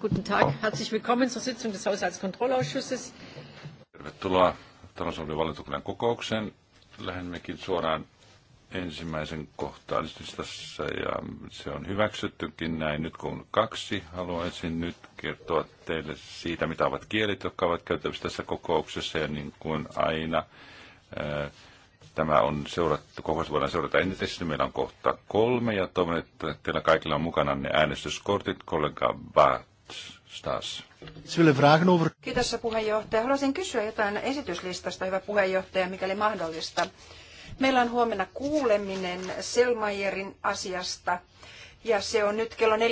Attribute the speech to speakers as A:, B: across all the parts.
A: Guten Tag, herzlich willkommen zur Sitzung des Haushaltskontrollausschusses.
B: Tervetuloa talousarvion valitukunnan kokoukseen. Lähdemmekin suoraan ensimmäisen kohtaan tässä ja se on hyväksyttykin näin nyt kun kaksi. Haluaisin nyt kertoa teille siitä, mitä ovat kielit, jotka ovat käytettävissä tässä kokouksessa ja niin kuin aina eh, Tämä on seurattu, kokous voidaan seurata entisestä. Meillä on kohta kolme ja toivon, että teillä kaikilla on mukana ne äänestyskortit. Kollega Bart Stas.
C: Kiitos puheenjohtaja. Haluaisin kysyä jotain esityslistasta, hyvä puheenjohtaja, mikäli mahdollista. Meillä on huomenna kuuleminen Selmayerin asiasta ja se on nyt kello 14.30-16.30.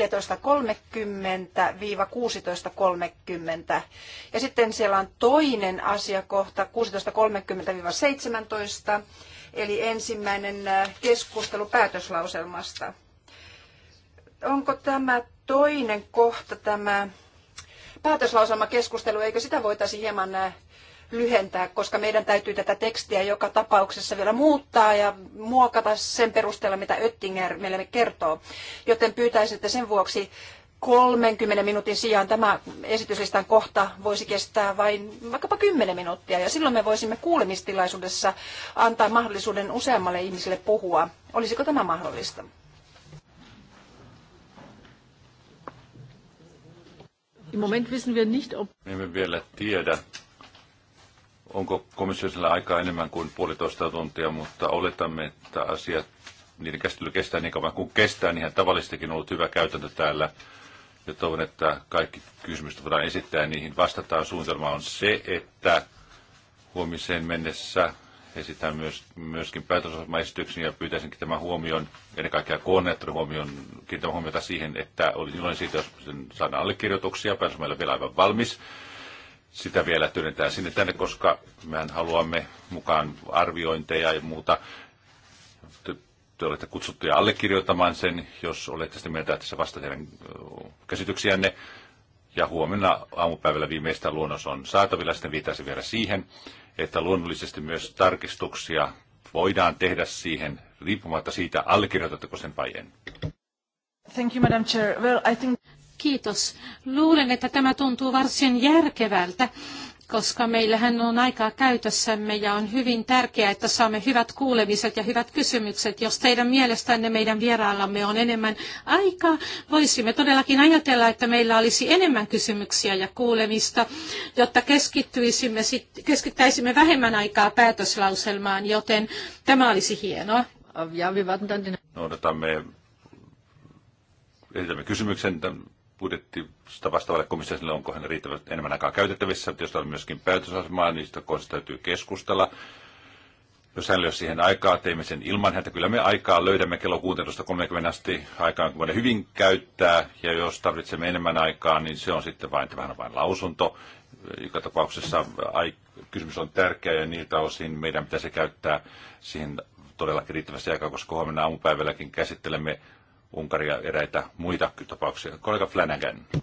C: Ja sitten siellä on toinen asiakohta 16.30-17, eli ensimmäinen äh, keskustelu päätöslauselmasta. Onko tämä toinen kohta, tämä päätöslauselmakeskustelu, eikö sitä voitaisi hieman äh, lyhentää, koska meidän täytyy tätä tekstiä joka tapauksessa vielä muuttaa ja muokata sen perusteella, mitä Öttinger meille kertoo. Joten pyytäisin, että sen vuoksi 30 minuutin sijaan tämä esityslistan kohta voisi kestää vain vaikkapa 10 minuuttia ja silloin me voisimme kuulemistilaisuudessa antaa mahdollisuuden useammalle ihmiselle puhua. Olisiko tämä mahdollista?
A: Im Moment wissen wir nicht, ob...
B: Emme vielä tiedä, onko komissiosilla aikaa enemmän kuin puolitoista tuntia, mutta oletamme, että asiat, niiden käsittely kestää niin kauan kuin kestää, niin ihan tavallistakin on ollut hyvä käytäntö täällä. Ja toivon, että kaikki kysymykset voidaan esittää ja niihin vastataan. Suunnitelma on se, että huomiseen mennessä esitän myös, myöskin päätösosamaesityksen ja pyytäisinkin tämän huomion, ennen kaikkea koordinaattorin huomion, kiinnittämään huomiota siihen, että olin iloinen siitä, jos saadaan allekirjoituksia, päätösosama vielä aivan valmis. Sitä vielä työnnetään sinne tänne, koska mehän haluamme mukaan arviointeja ja muuta. Te, te olette kutsuttuja allekirjoittamaan sen, jos olette sitä mieltä, että se vastaa teidän käsityksiänne. Ja huomenna aamupäivällä viimeistä luonnos on saatavilla, sitten viitaisin vielä siihen että luonnollisesti myös tarkistuksia voidaan tehdä siihen riippumatta siitä, allekirjoitatteko sen vai en.
A: Thank you, Madam Chair. Well, I think... Kiitos. Luulen, että tämä tuntuu varsin järkevältä koska meillähän on aikaa käytössämme ja on hyvin tärkeää, että saamme hyvät kuulemiset ja hyvät kysymykset. Jos teidän mielestänne meidän vieraillamme on enemmän aikaa, voisimme todellakin ajatella, että meillä olisi enemmän kysymyksiä ja kuulemista, jotta keskittyisimme, keskittäisimme vähemmän aikaa päätöslauselmaan, joten tämä olisi hienoa.
B: Noudatamme, esitämme kysymyksen tämän budjettista vastaavalle komissiolle, onko hän riittävästi enemmän aikaa käytettävissä. Jos on myöskin päätösasemaa, niistä kohdista täytyy keskustella. Jos hänellä ei siihen aikaa, teemme sen ilman häntä. Kyllä me aikaa löydämme kello 16.30 asti aikaan, kun voidaan hyvin käyttää. Ja jos tarvitsemme enemmän aikaa, niin se on sitten vain, vähän vain lausunto. Joka tapauksessa kysymys on tärkeä ja niiltä osin meidän pitäisi käyttää siihen todellakin riittävästi aikaa, koska huomenna aamupäivälläkin käsittelemme Unkaria ja eräitä muita tapauksia. Kollega Flanagan. Uh,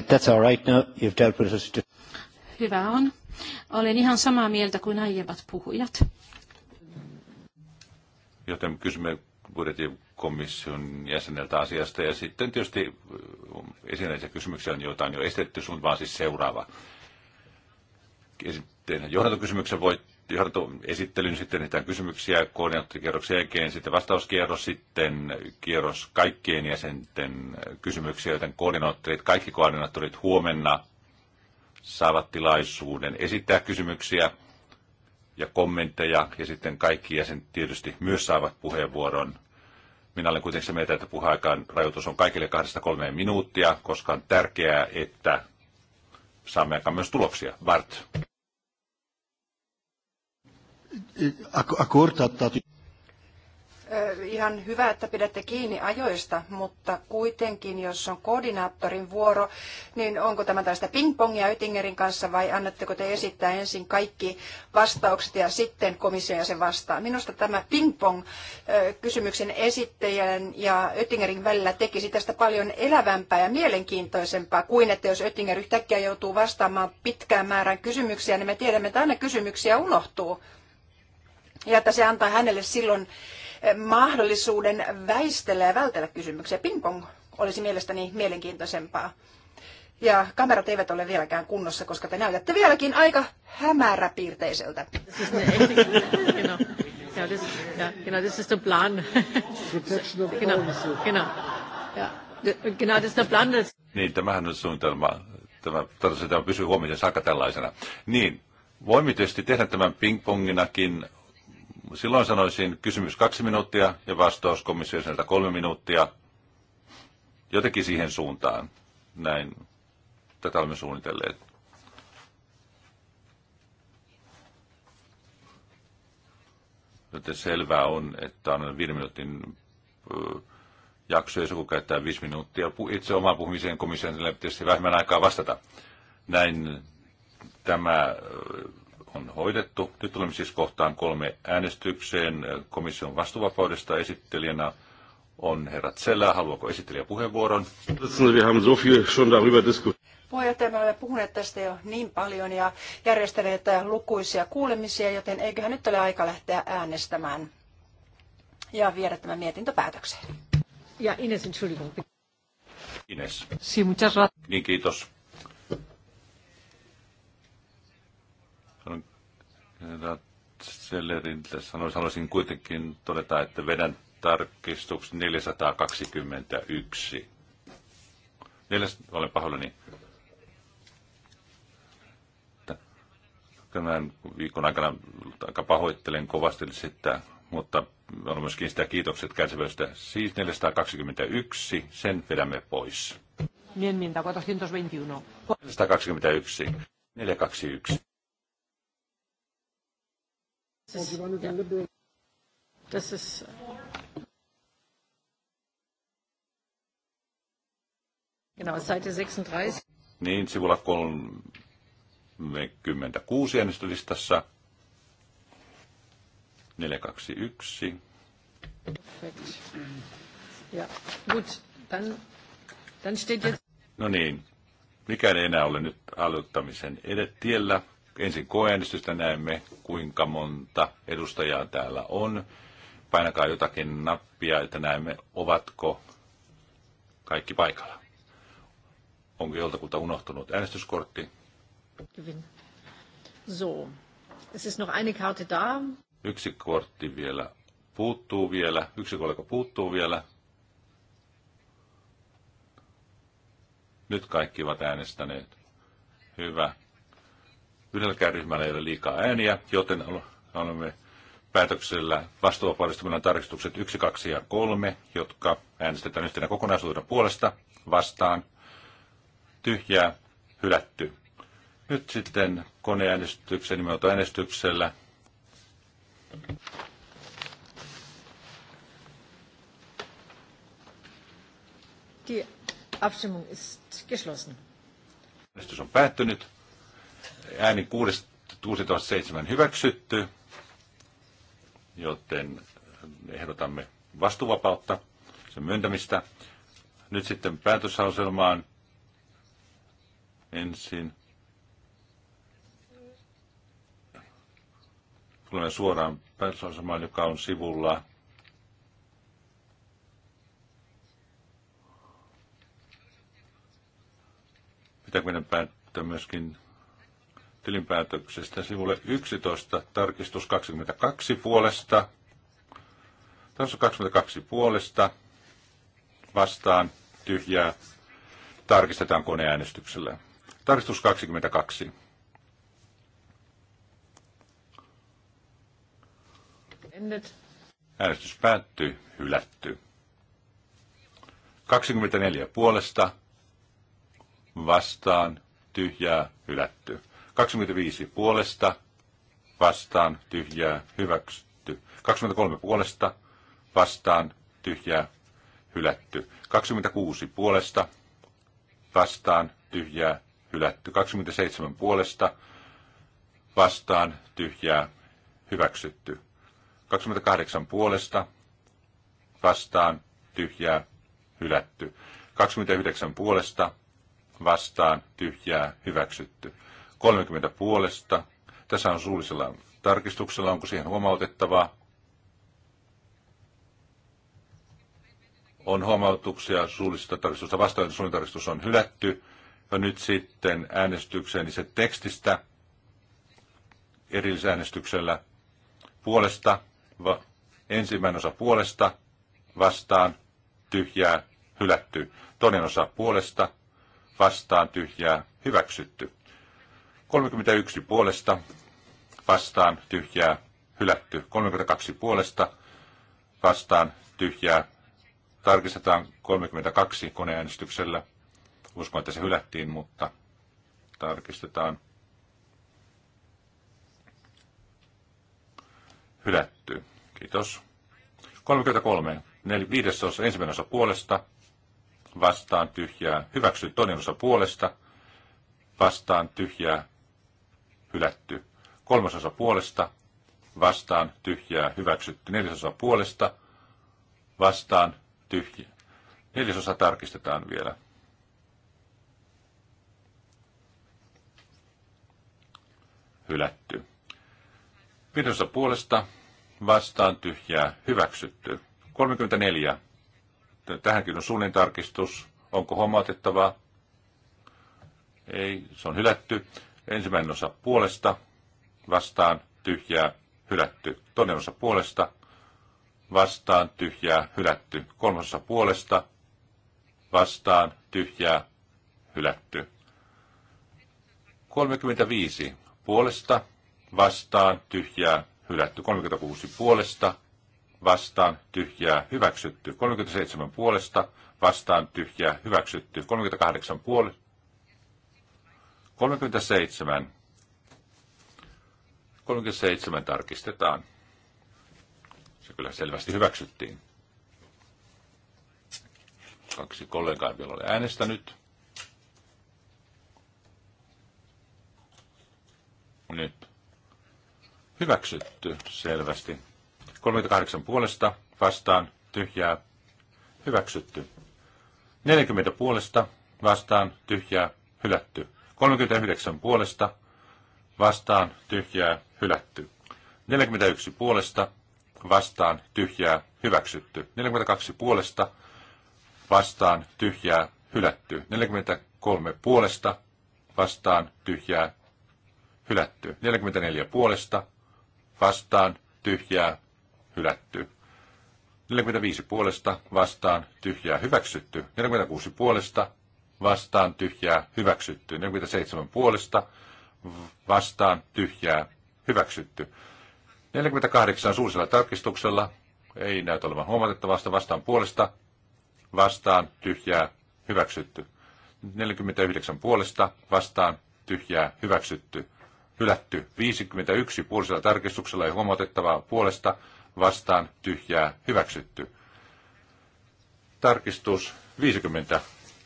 C: that's all right. Now you've dealt with us.
A: Hyvä on. Olen ihan samaa mieltä kuin aiemmat puhujat.
B: Joten kysymme komission jäseneltä asiasta. Ja sitten tietysti uh, esineisiä kysymyksiä on, joita jo estetty sun, vaan siis seuraava. johdantokysymyksen voi esittelyn, sitten niitä kysymyksiä koordinaattikierroksen jälkeen, sitten vastauskierros, sitten kierros kaikkien jäsenten kysymyksiä, joten koordinaattorit, kaikki koordinaattorit huomenna saavat tilaisuuden esittää kysymyksiä ja kommentteja, ja sitten kaikki jäsenet tietysti myös saavat puheenvuoron. Minä olen kuitenkin se mieltä, että puheaikaan rajoitus on kaikille kahdesta kolmeen minuuttia, koska on tärkeää, että saamme aikaan myös tuloksia. Vart
C: ihan hyvä, että pidätte kiinni ajoista, mutta kuitenkin, jos on koordinaattorin vuoro, niin onko tämä tästä pingpongia Ytingerin kanssa vai annatteko te esittää ensin kaikki vastaukset ja sitten komissio ja sen vastaa? Minusta tämä pingpong kysymyksen esittäjän ja Ötingerin välillä tekisi tästä paljon elävämpää ja mielenkiintoisempaa kuin, että jos Ötinger yhtäkkiä joutuu vastaamaan pitkään määrän kysymyksiä, niin me tiedämme, että aina kysymyksiä unohtuu ja että se antaa hänelle silloin eh, mahdollisuuden väistellä ja vältellä kysymyksiä. Pingpong olisi mielestäni mielenkiintoisempaa. Ja kamerat eivät ole vieläkään kunnossa, koska te näytätte vieläkin aika hämäräpiirteiseltä. genau, das ist
A: der Plan. genau, genau. genau, das ist der Plan.
B: Niin, tämähän on suunnitelma. Tämä, tämä pysyy huomisen saakka tällaisena. Niin, voimme tietysti tehdä tämän pingponginakin silloin sanoisin kysymys kaksi minuuttia ja vastaus komissiosilta kolme minuuttia. Jotenkin siihen suuntaan. Näin tätä olemme suunnitelleet. Joten selvää on, että on viiden minuutin jakso, jos joku käyttää viisi minuuttia itse omaan puhumiseen komissioon, niin pitäisi vähemmän aikaa vastata. Näin tämä on hoidettu. Nyt tulemme siis kohtaan kolme äänestykseen komission vastuvapaudesta esittelijänä on herra Zellä. Haluaako esittelijä puheenvuoron?
C: Puheenjohtaja, me olemme puhuneet tästä jo niin paljon ja järjestäneet lukuisia kuulemisia, joten eiköhän nyt ole aika lähteä äänestämään ja viedä tämä mietintö päätökseen. Ja Ines,
B: Ines. Niin, kiitos. Selleriltä sanoisin, haluaisin kuitenkin todeta, että vedän tarkistuksen 421. Neljäs, olen pahoillani. Tämän viikon aikana aika pahoittelen kovasti sitä, mutta on myöskin sitä kiitokset kärsivöistä. Siis 421, sen vedämme pois.
C: Mien minta, 421.
B: 421. 421.
C: Das ist, ja.
A: das ist genau, Seite 36.
B: Niin, sivulla 36 äänestölistassa. 421. Ja, gut, dann, dann steht jetzt... No niin, mikä ei enää ole nyt aloittamisen tiellä ensin koeäänestystä näemme, kuinka monta edustajaa täällä on. Painakaa jotakin nappia, että näemme, ovatko kaikki paikalla. Onko joltakulta unohtunut äänestyskortti?
A: So, es ist noch eine Karte da.
B: Yksi kortti vielä puuttuu vielä, yksi kollega puuttuu vielä. Nyt kaikki ovat äänestäneet. Hyvä. Yhdelläkään ryhmällä ei ole liikaa ääniä, joten olemme päätöksellä vastuuvapaudistuminnan tarkistukset 1, 2 ja 3, jotka äänestetään yhtenä kokonaisuuden puolesta, vastaan, tyhjää, hylätty. Nyt sitten koneäänestyksen äänestyksellä.
C: Die Abstimmung ist geschlossen.
B: Äänestys on päättynyt ääni 16.7 hyväksytty, joten ehdotamme vastuvapautta, sen myöntämistä. Nyt sitten päätösauselmaan ensin. Tulemme suoraan päätösauselmaan, joka on sivulla pitääkö meidän päättää myöskin tilinpäätöksestä sivulle 11, tarkistus 22 puolesta. Tässä 22 puolesta vastaan tyhjää. Tarkistetaan koneäänestyksellä. Tarkistus 22. Ennet. Äänestys päättyy, hylätty. 24 puolesta, vastaan, tyhjää, hylätty. 25 puolesta vastaan tyhjää hyväksytty. 23 puolesta vastaan tyhjää hylätty. 26 puolesta vastaan tyhjää hylätty. 27 puolesta vastaan tyhjää hyväksytty. 28 puolesta vastaan tyhjää hylätty. 29 puolesta vastaan tyhjää hyväksytty. 30 puolesta. Tässä on suullisella tarkistuksella. Onko siihen huomautettavaa? On huomautuksia suullisesta tarkistusta vastaan. Suullinen tarkistus on hylätty. Ja nyt sitten äänestykseen se tekstistä erillisäänestyksellä puolesta, va, ensimmäinen osa puolesta, vastaan, tyhjää, hylätty. Toinen osa puolesta, vastaan, tyhjää, hyväksytty. 31 puolesta vastaan tyhjää hylätty. 32 puolesta vastaan tyhjää. Tarkistetaan 32 koneäänestyksellä. Uskon, että se hylättiin, mutta tarkistetaan. Hylätty. Kiitos. 33. Nel, viidesosa ensimmäinen osa puolesta. Vastaan tyhjää. Hyväksy toinen osa puolesta. Vastaan tyhjää hylätty. Kolmasosa puolesta, vastaan, tyhjää, hyväksytty. Neljäsosa puolesta, vastaan, tyhjää. Neljäsosa tarkistetaan vielä. Hylätty. Viidesosa puolesta, vastaan, tyhjää, hyväksytty. 34. Tähänkin on suunnin tarkistus. Onko huomautettavaa? Ei, se on hylätty. Ensimmäinen osa puolesta, vastaan, tyhjää, hylätty. Toinen osa puolesta, vastaan, tyhjää, hylätty. Kolmas osa puolesta, vastaan, tyhjää, hylätty. 35 puolesta, vastaan, tyhjää, hylätty. 36 puolesta, vastaan, tyhjää, hyväksytty. 37 puolesta, vastaan, tyhjää, hyväksytty. 38 puolesta, 37. 37 tarkistetaan. Se kyllä selvästi hyväksyttiin. Kaksi kollegaa vielä oli äänestänyt. Nyt. Hyväksytty selvästi. 38 puolesta vastaan tyhjää. Hyväksytty. 40 puolesta vastaan tyhjää hylätty. 39 puolesta vastaan tyhjää hylätty. 41 puolesta vastaan tyhjää hyväksytty. 42 puolesta vastaan tyhjää hylätty. 43 puolesta vastaan tyhjää hylätty. 44 puolesta vastaan tyhjää hylätty. 45 puolesta vastaan tyhjää hyväksytty. 46 puolesta vastaan tyhjää hyväksytty. 47 puolesta vastaan tyhjää hyväksytty. 48 suurisella tarkistuksella ei näytä olevan huomatettavasta vastaan puolesta vastaan tyhjää hyväksytty. 49 puolesta vastaan tyhjää hyväksytty. Hylätty 51 puolisella tarkistuksella ei huomautettavaa puolesta vastaan tyhjää hyväksytty. Tarkistus 50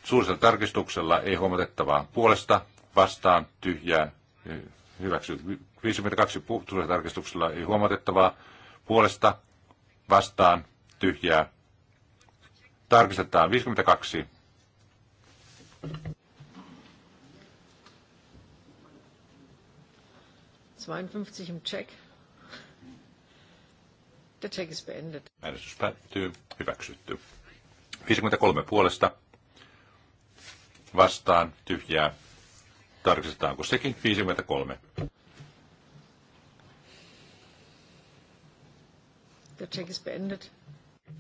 B: Suurisella tarkistuksella ei huomatettavaa puolesta vastaan tyhjää e, hyväksy. 52 suurisella tarkistuksella ei huomatettavaa puolesta vastaan tyhjää. Tarkistetaan 52. im Check. Der Check beendet. Äänestys päättyy. Hyväksytty. 53 puolesta vastaan tyhjää. Tarkistetaanko sekin? 53. The check is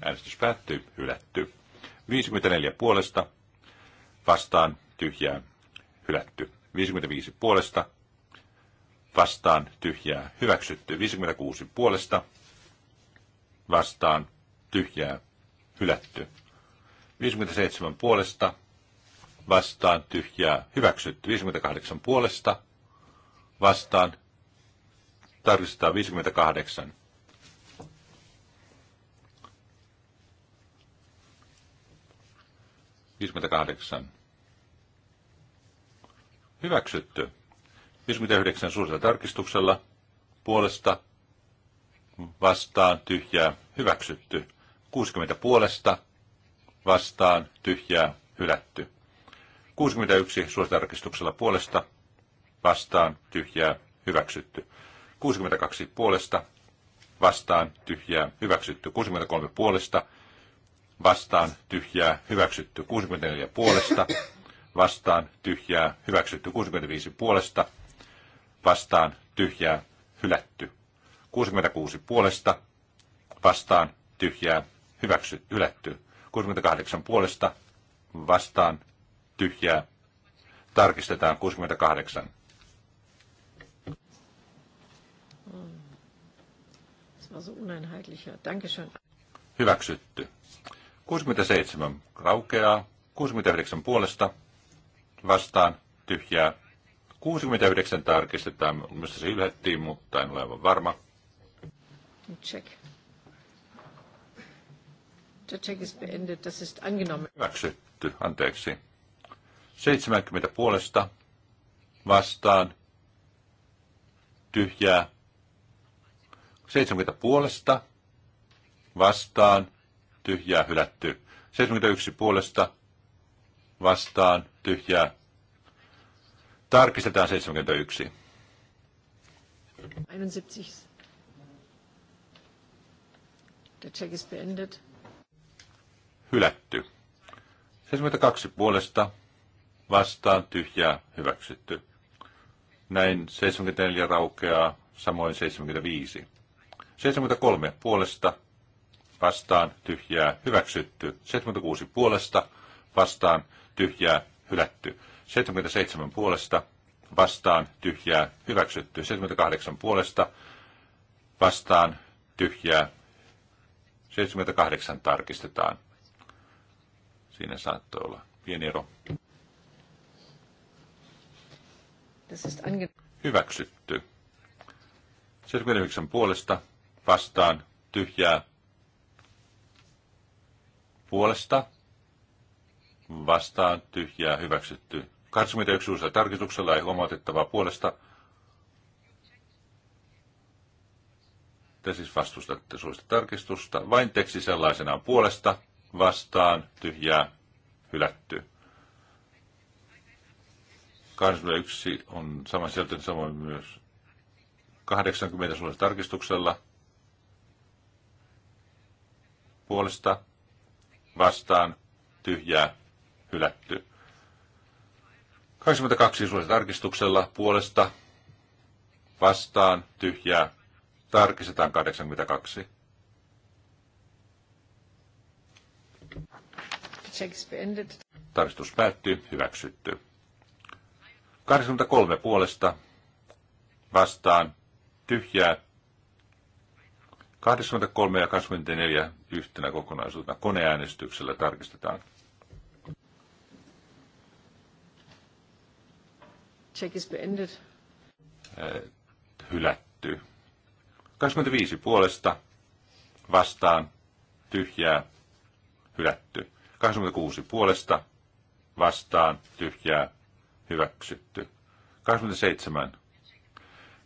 B: Äänestys päättyy, hylätty. 54 puolesta, vastaan, tyhjää, hylätty. 55 puolesta, vastaan, tyhjää, hyväksytty. 56 puolesta, vastaan, tyhjää, hylätty. 57 puolesta, vastaan tyhjää hyväksytty. 58 puolesta vastaan tarkistetaan 58. Viisikymmentäkahdeksan. Hyväksytty. 59 suurella tarkistuksella puolesta vastaan tyhjää hyväksytty. 60 puolesta vastaan tyhjää hylätty. 61 suositarkistuksella puolesta vastaan tyhjää hyväksytty. 62 puolesta vastaan tyhjää hyväksytty. 63 puolesta vastaan tyhjää hyväksytty. 64 puolesta vastaan tyhjää hyväksytty. 65 puolesta vastaan tyhjää hylätty. 66 puolesta vastaan tyhjää hyväksytty, hylätty. 68 puolesta vastaan tyhjää. Tarkistetaan 68. Hyväksytty. 67 raukeaa, 69 puolesta vastaan tyhjää. 69 tarkistetaan, mistä se ylhettiin, mutta en ole aivan varma.
A: Check. The Check is beendet, das ist angenommen.
B: Hyväksytty, anteeksi. 70 puolesta vastaan tyhjää. 70 puolesta vastaan tyhjää hylätty. 71 puolesta vastaan tyhjää. Tarkistetaan 71.
A: 71. Der Check ist beendet.
B: Hylätty. 72 puolesta vastaan tyhjää hyväksytty. Näin 74 raukeaa, samoin 75. 73 puolesta vastaan tyhjää hyväksytty. 76 puolesta vastaan tyhjää hylätty. 77 puolesta vastaan tyhjää hyväksytty. 78 puolesta vastaan tyhjää 78 tarkistetaan. Siinä saattoi olla pieni ero. Hyväksytty. 79 puolesta vastaan tyhjää puolesta vastaan tyhjää hyväksytty. 21 uusilla tarkistuksella ei huomautettavaa puolesta. Te siis vastustatte suosta tarkistusta. Vain teksti sellaisenaan puolesta vastaan tyhjää hylätty. 81 on sama sieltä, samoin myös 80 suunnilleen tarkistuksella. Puolesta vastaan tyhjää hylätty. 22 suunnilleen tarkistuksella puolesta vastaan tyhjää tarkistetaan 82. Tarkistus päättyy, hyväksytty. 83 puolesta vastaan tyhjää. 83 ja 24 yhtenä kokonaisuutena koneäänestyksellä tarkistetaan.
A: Check is beendet.
B: Äh, hylätty. 25 puolesta vastaan tyhjää hylätty. 26 puolesta vastaan tyhjää hyväksytty. 27.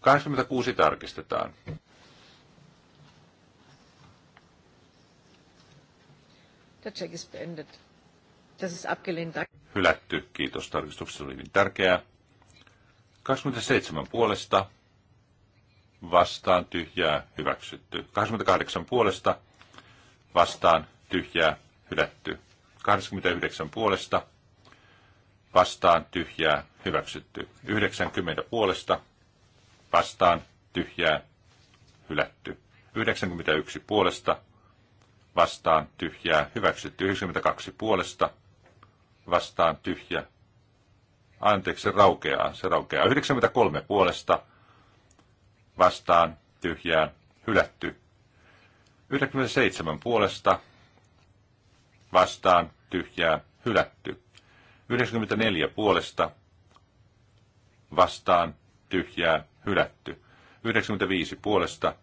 B: 86 tarkistetaan.
A: Der Check ist beendet. Das ist abgelehnt.
B: Hylätty. Kiitos. Tarkistuksessa oli hyvin tärkeää. 27 puolesta. Vastaan tyhjää. Hyväksytty. 28 puolesta. Vastaan tyhjää. Hylätty. 29 puolesta vastaan tyhjää hyväksytty. 90 puolesta vastaan tyhjää hylätty. 91 puolesta vastaan tyhjää hyväksytty. 92 puolesta vastaan tyhjä. Anteeksi, se raukeaa. Se raukeaa. 93 puolesta vastaan tyhjää hylätty. 97 puolesta vastaan tyhjää hylätty. 94 puolesta vastaan tyhjää hylätty. 95 puolesta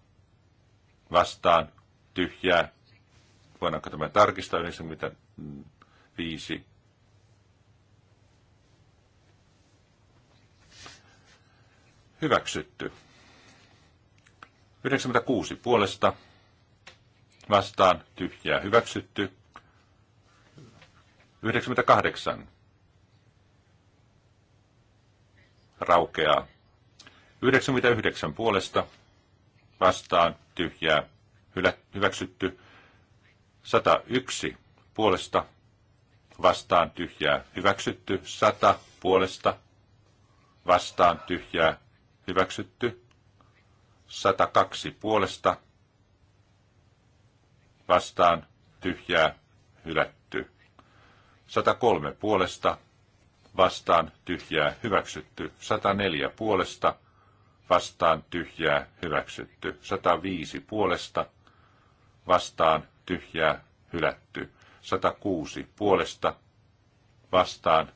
B: vastaan tyhjää. Voidaanko tämä tarkistaa? 95 hyväksytty. 96 puolesta vastaan tyhjää hyväksytty. 98 raukeaa. 99 puolesta vastaan tyhjää hyväksytty. 101 puolesta vastaan tyhjää hyväksytty. 100 puolesta vastaan tyhjää hyväksytty. 102 puolesta vastaan tyhjää hylätty. 103 puolesta vastaan tyhjää hyväksytty. 104 puolesta vastaan tyhjää hyväksytty. 105 puolesta vastaan tyhjää hylätty. 106 puolesta vastaan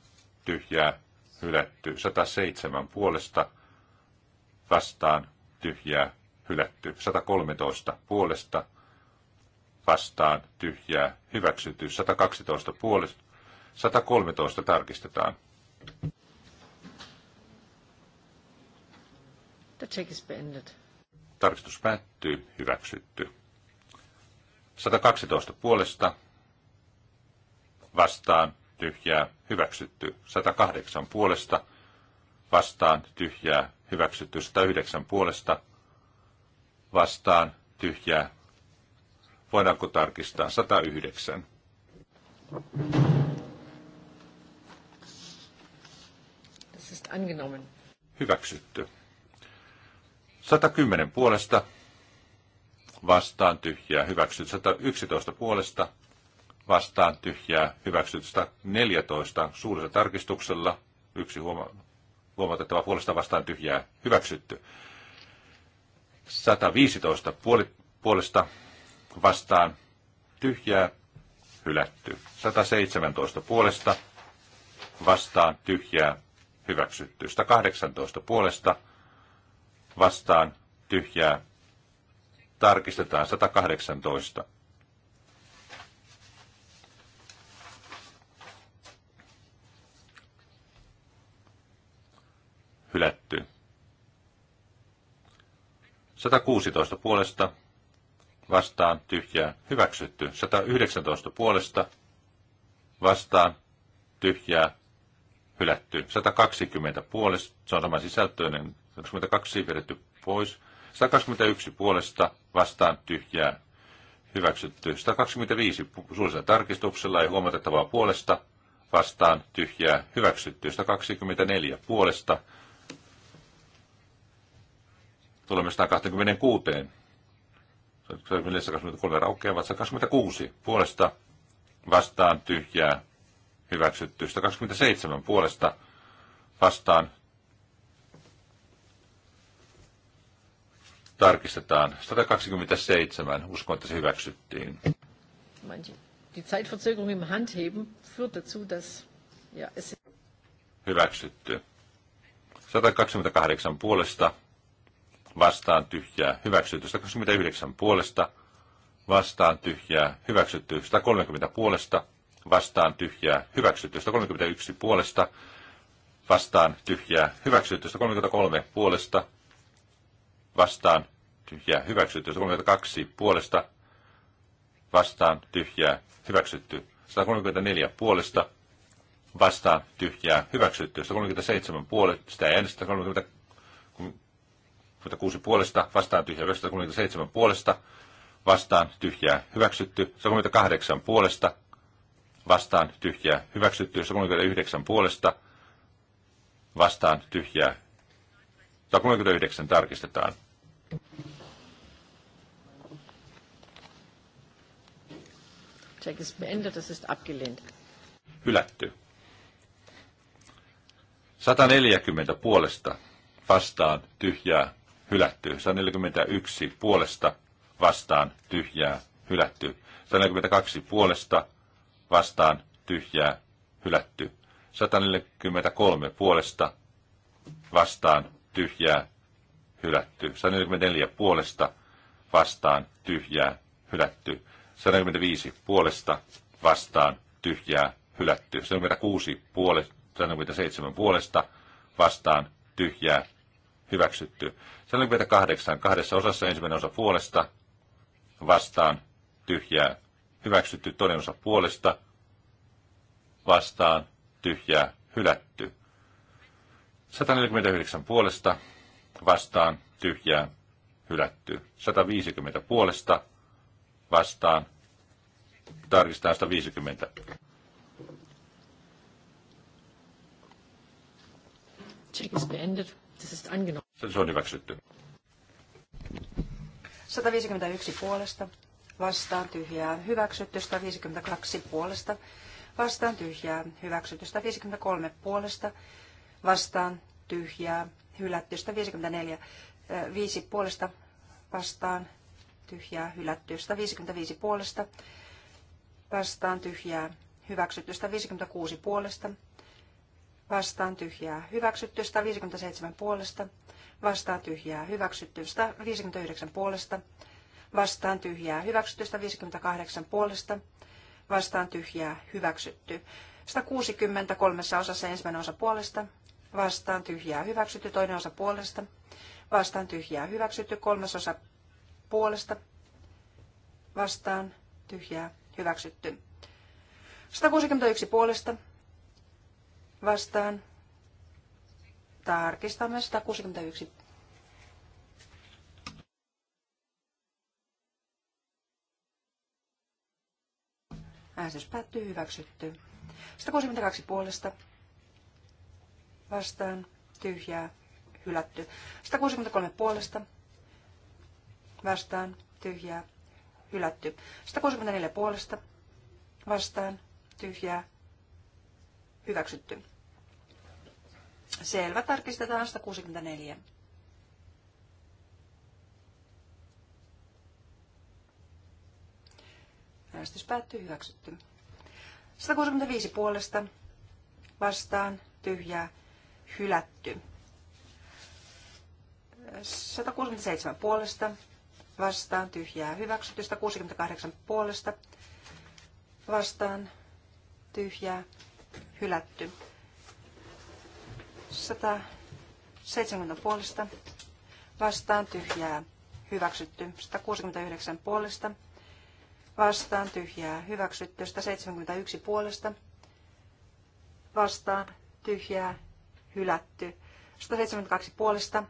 B: tyhjää hylätty. 107 puolesta vastaan tyhjää hylätty. 113 puolesta vastaan tyhjää hyväksytty. 112 puolesta 113 tarkistetaan. The check is Tarkistus päättyy. Hyväksytty. 112 puolesta. Vastaan. Tyhjää. Hyväksytty. 108 puolesta. Vastaan. Tyhjää. Hyväksytty. 109 puolesta. Vastaan. Tyhjää. Voidaanko tarkistaa? 109. angenommen. Hyväksytty. 110 puolesta vastaan tyhjää hyväksytty. 111 puolesta vastaan tyhjää hyväksytty. 114 suurella tarkistuksella. Yksi huoma- huomautettava puolesta vastaan tyhjää hyväksytty. 115 puoli- puolesta vastaan tyhjää hylätty. 117 puolesta vastaan tyhjää hyväksytty. 118 puolesta vastaan tyhjää. Tarkistetaan 118. Hylätty. 116 puolesta vastaan tyhjää hyväksytty. 119 puolesta vastaan tyhjää hylätty. 120 puolesta, se on sama sisältöinen, 22 vedetty pois. 121 puolesta vastaan tyhjää hyväksytty. 125 suullisella tarkistuksella ei huomatettavaa puolesta vastaan tyhjää hyväksytty. 124 puolesta tulemme 126. 124 raukeavat 126 puolesta vastaan tyhjää hyväksytty. 127 puolesta vastaan tarkistetaan. 127, uskon, että se hyväksyttiin. Die Zeitverzögerung im Handheben führt dazu, dass ja, es hyväksytty. 128 puolesta vastaan tyhjää hyväksytty. 129 puolesta vastaan tyhjää hyväksytty. 130 puolesta vastaan tyhjää hyväksytystä 131 puolesta vastaan tyhjää hyväksytystä 133 puolesta vastaan tyhjää hyväksytystä 132 puolesta vastaan tyhjää hyväksytty. 134 puolesta vastaan tyhjää hyväksytty. 137 puolesta ja äänestä 136 puolesta vastaan tyhjää hyväksytty. 137 puolesta vastaan tyhjää hyväksytty. 138 puolesta vastaan tyhjää hyväksytty, 39 puolesta vastaan tyhjää. 139 tarkistetaan. Check is beendet, das ist abgelehnt. Hylätty. 140 puolesta vastaan tyhjää hylätty. 141 puolesta vastaan tyhjää hylätty. 142 puolesta vastaan tyhjää hylätty. 143 puolesta vastaan tyhjää hylätty. 144 puolesta vastaan tyhjää hylätty. 145 puolesta vastaan tyhjää hylätty. 146 puolesta, 147 puolesta vastaan tyhjää hyväksytty. 148 kahdessa osassa ensimmäinen osa puolesta vastaan tyhjää hyväksytty, toinen osa puolesta, vastaan, tyhjää, hylätty. 149 puolesta, vastaan, tyhjää, hylätty. 150 puolesta, vastaan, tarkistetaan 150.
C: Check is beendet. This is angenommen.
B: Se on hyväksytty.
C: 151 puolesta vastaan tyhjää hyväksytty 152 puolesta vastaan tyhjää hyväksytty 153 puolesta vastaan tyhjää hylätty 154 5 puolesta vastaan tyhjää hylätty 155 puolesta vastaan tyhjää hyväksytty 156 puolesta vastaan tyhjää hyväksytty 157 puolesta vastaan tyhjää hyväksytty 159 puolesta vastaan tyhjää hyväksytty, 158 puolesta vastaan tyhjää hyväksytty. 160 kolmessa osassa ensimmäinen osa puolesta vastaan tyhjää hyväksytty, toinen osa puolesta vastaan tyhjää hyväksytty, kolmas osa puolesta vastaan tyhjää hyväksytty. 161 puolesta vastaan tarkistamme 161 Äänestys päättyy. Hyväksytty. 162 puolesta. Vastaan. Tyhjää. Hylätty. 163 puolesta. Vastaan. Tyhjää. Hylätty. 164 puolesta. Vastaan. Tyhjää. Hyväksytty. Selvä. Tarkistetaan 164. Äänestys päättyy. Hyväksytty. 165 puolesta. Vastaan. Tyhjää. Hylätty. 167 puolesta. Vastaan. Tyhjää. Hyväksytty. 168 puolesta. Vastaan. Tyhjää. Hylätty. 170 puolesta. Vastaan. Tyhjää. Hyväksytty. 169 puolesta vastaan tyhjää hyväksytty. 71 puolesta vastaan tyhjää hylätty. 172 puolesta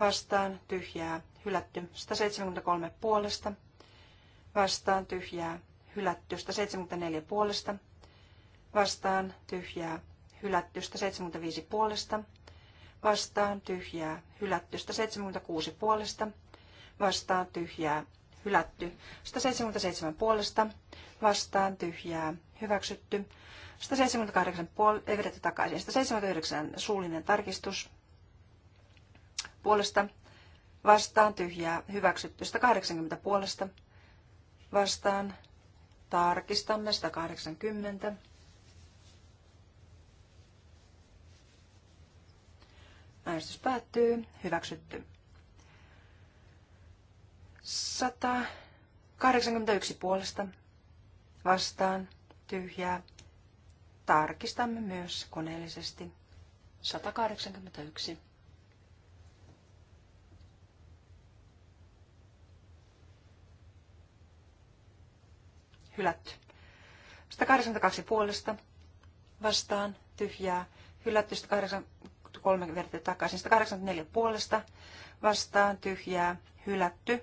C: vastaan tyhjää hylätty. 173 puolesta vastaan tyhjää hylätty. 174 puolesta vastaan tyhjää hylätty. 175 puolesta vastaan tyhjää hylätty. 176 puolesta vastaan tyhjää hylätty. 177 puolesta vastaan tyhjää hyväksytty. 178 puol- ei vedetty takaisin. 179 suullinen tarkistus puolesta vastaan tyhjää hyväksytty. 180 puolesta vastaan tarkistamme 180. Äänestys päättyy. Hyväksytty. 181 puolesta vastaan tyhjää. Tarkistamme myös koneellisesti. 181. Hylätty. 182 puolesta vastaan tyhjää. Hylätty 183 vertaa takaisin. 184 puolesta vastaan tyhjää. Hylätty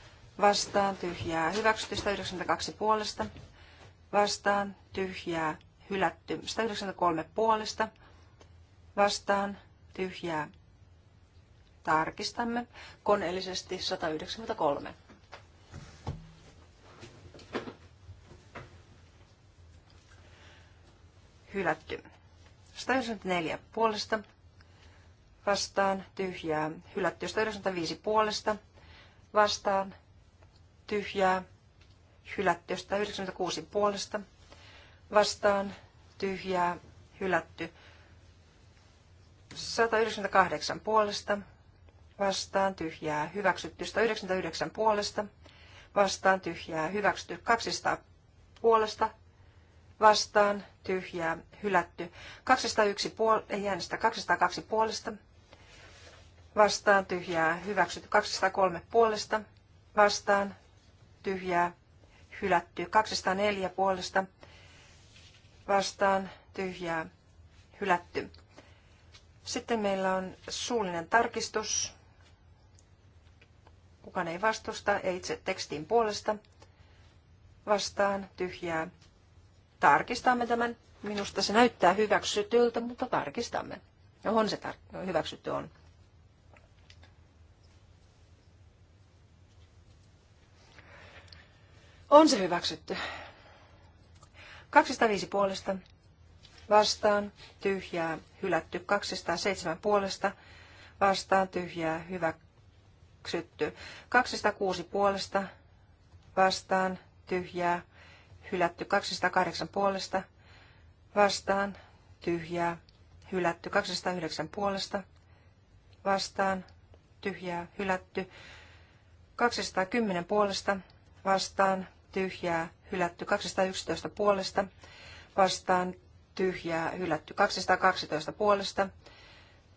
C: vastaan tyhjää hyväksytty, 192 puolesta vastaan tyhjää hylätty, 193 puolesta vastaan tyhjää. Tarkistamme koneellisesti 193. Hylätty. 194 puolesta vastaan tyhjää. Hylätty 195 puolesta vastaan tyhjää, hylätty. 196 puolesta vastaan, tyhjää, hylätty. 198 puolesta vastaan, tyhjää, hyväksytty. 199 puolesta vastaan, tyhjää, hyväksytty. 200 puolesta vastaan, tyhjää, hylätty. 201 puolesta, ei äänestä, 202 puolesta, vastaan, tyhjää, hyväksytty. 203 puolesta, vastaan, tyhjää hylätty. 204 puolesta vastaan tyhjää hylätty. Sitten meillä on suullinen tarkistus. Kukaan ei vastusta, ei itse tekstin puolesta. Vastaan tyhjää. Tarkistamme tämän. Minusta se näyttää hyväksytyltä, mutta tarkistamme. Johon se tar- hyväksytty on. On se hyväksytty. 205 puolesta vastaan tyhjää hylätty. 207 puolesta vastaan tyhjää hyväksytty. 206 puolesta vastaan tyhjää hylätty. 208 puolesta vastaan tyhjää hylätty. 209 puolesta vastaan tyhjää hylätty. 210 puolesta vastaan tyhjää, hylätty 211 puolesta, vastaan tyhjää, hylätty 212 puolesta,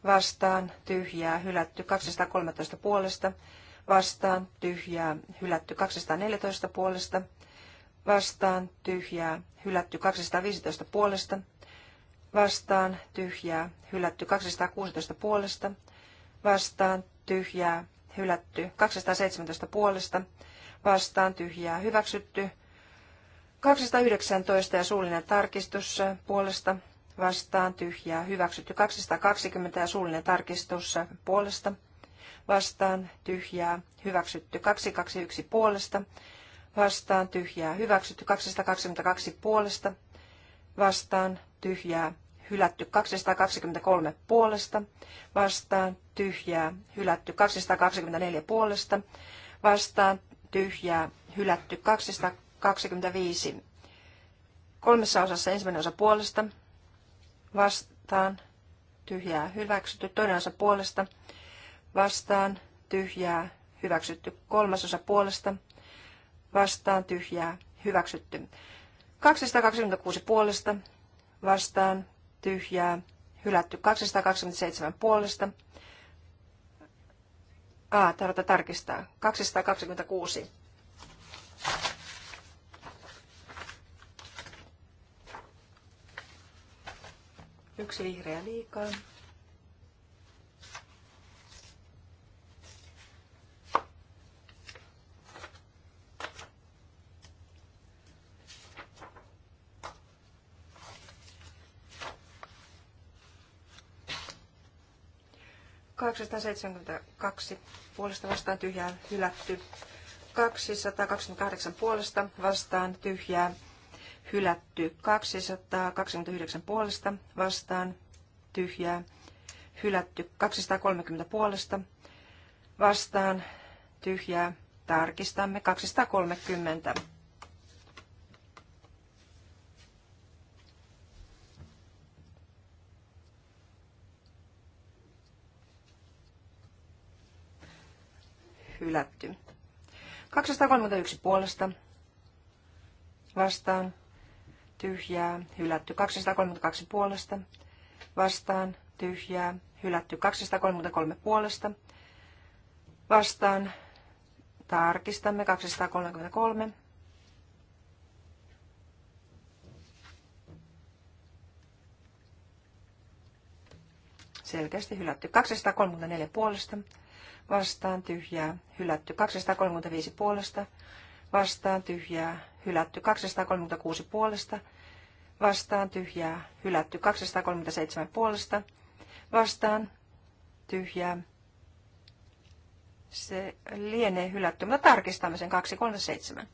C: vastaan tyhjää, hylätty 213 puolesta, vastaan tyhjää, hylätty 214 puolesta, vastaan tyhjää, hylätty 215 puolesta, vastaan tyhjää, hylätty 216 puolesta, vastaan tyhjää, hylätty 217 puolesta, vastaan tyhjää hyväksytty. 219 ja suullinen tarkistus puolesta vastaan tyhjää hyväksytty. 220 ja suullinen tarkistus puolesta vastaan tyhjää hyväksytty. 221 puolesta vastaan tyhjää hyväksytty. 222 puolesta vastaan tyhjää hylätty 223 puolesta, vastaan tyhjää, hylätty 224 puolesta, vastaan tyhjää, hylätty 225. Kolmessa osassa ensimmäinen osa puolesta, vastaan, tyhjää, hyväksytty. Toinen osa puolesta, vastaan, tyhjää, hyväksytty. Kolmas osa puolesta, vastaan, tyhjää, hyväksytty. 226 puolesta, vastaan, tyhjää, hylätty. 227 puolesta, A, tarvitaan tarkistaa. 226. Yksi vihreä liikaa. 272 puolesta vastaan tyhjää hylätty. 228 puolesta vastaan tyhjää hylätty. 229 puolesta vastaan tyhjää hylätty. 230 puolesta vastaan tyhjää tarkistamme 230. hylätty.
A: 231
C: puolesta vastaan tyhjää hylätty. 232 puolesta vastaan tyhjää hylätty. 233 puolesta vastaan tarkistamme 233 selkeästi hylätty. 234 puolesta vastaan tyhjää, hylätty 235 puolesta, vastaan tyhjää, hylätty 236 puolesta, vastaan tyhjää, hylätty 237 puolesta, vastaan tyhjää, se lienee hylätty, mutta tarkistamme sen 237.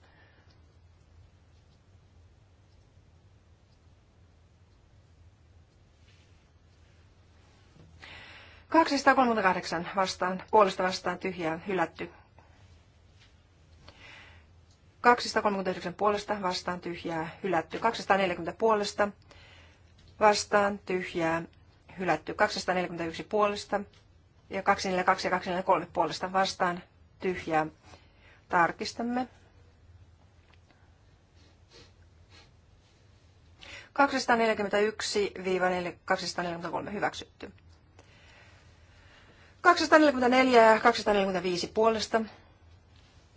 C: 238 vastaan, puolesta vastaan tyhjää hylätty. 239 puolesta vastaan tyhjää hylätty. 240 puolesta vastaan tyhjää hylätty. 241 puolesta ja 242 ja 243 puolesta vastaan tyhjää. Tarkistamme. 241-243 hyväksytty. 244 ja 245 puolesta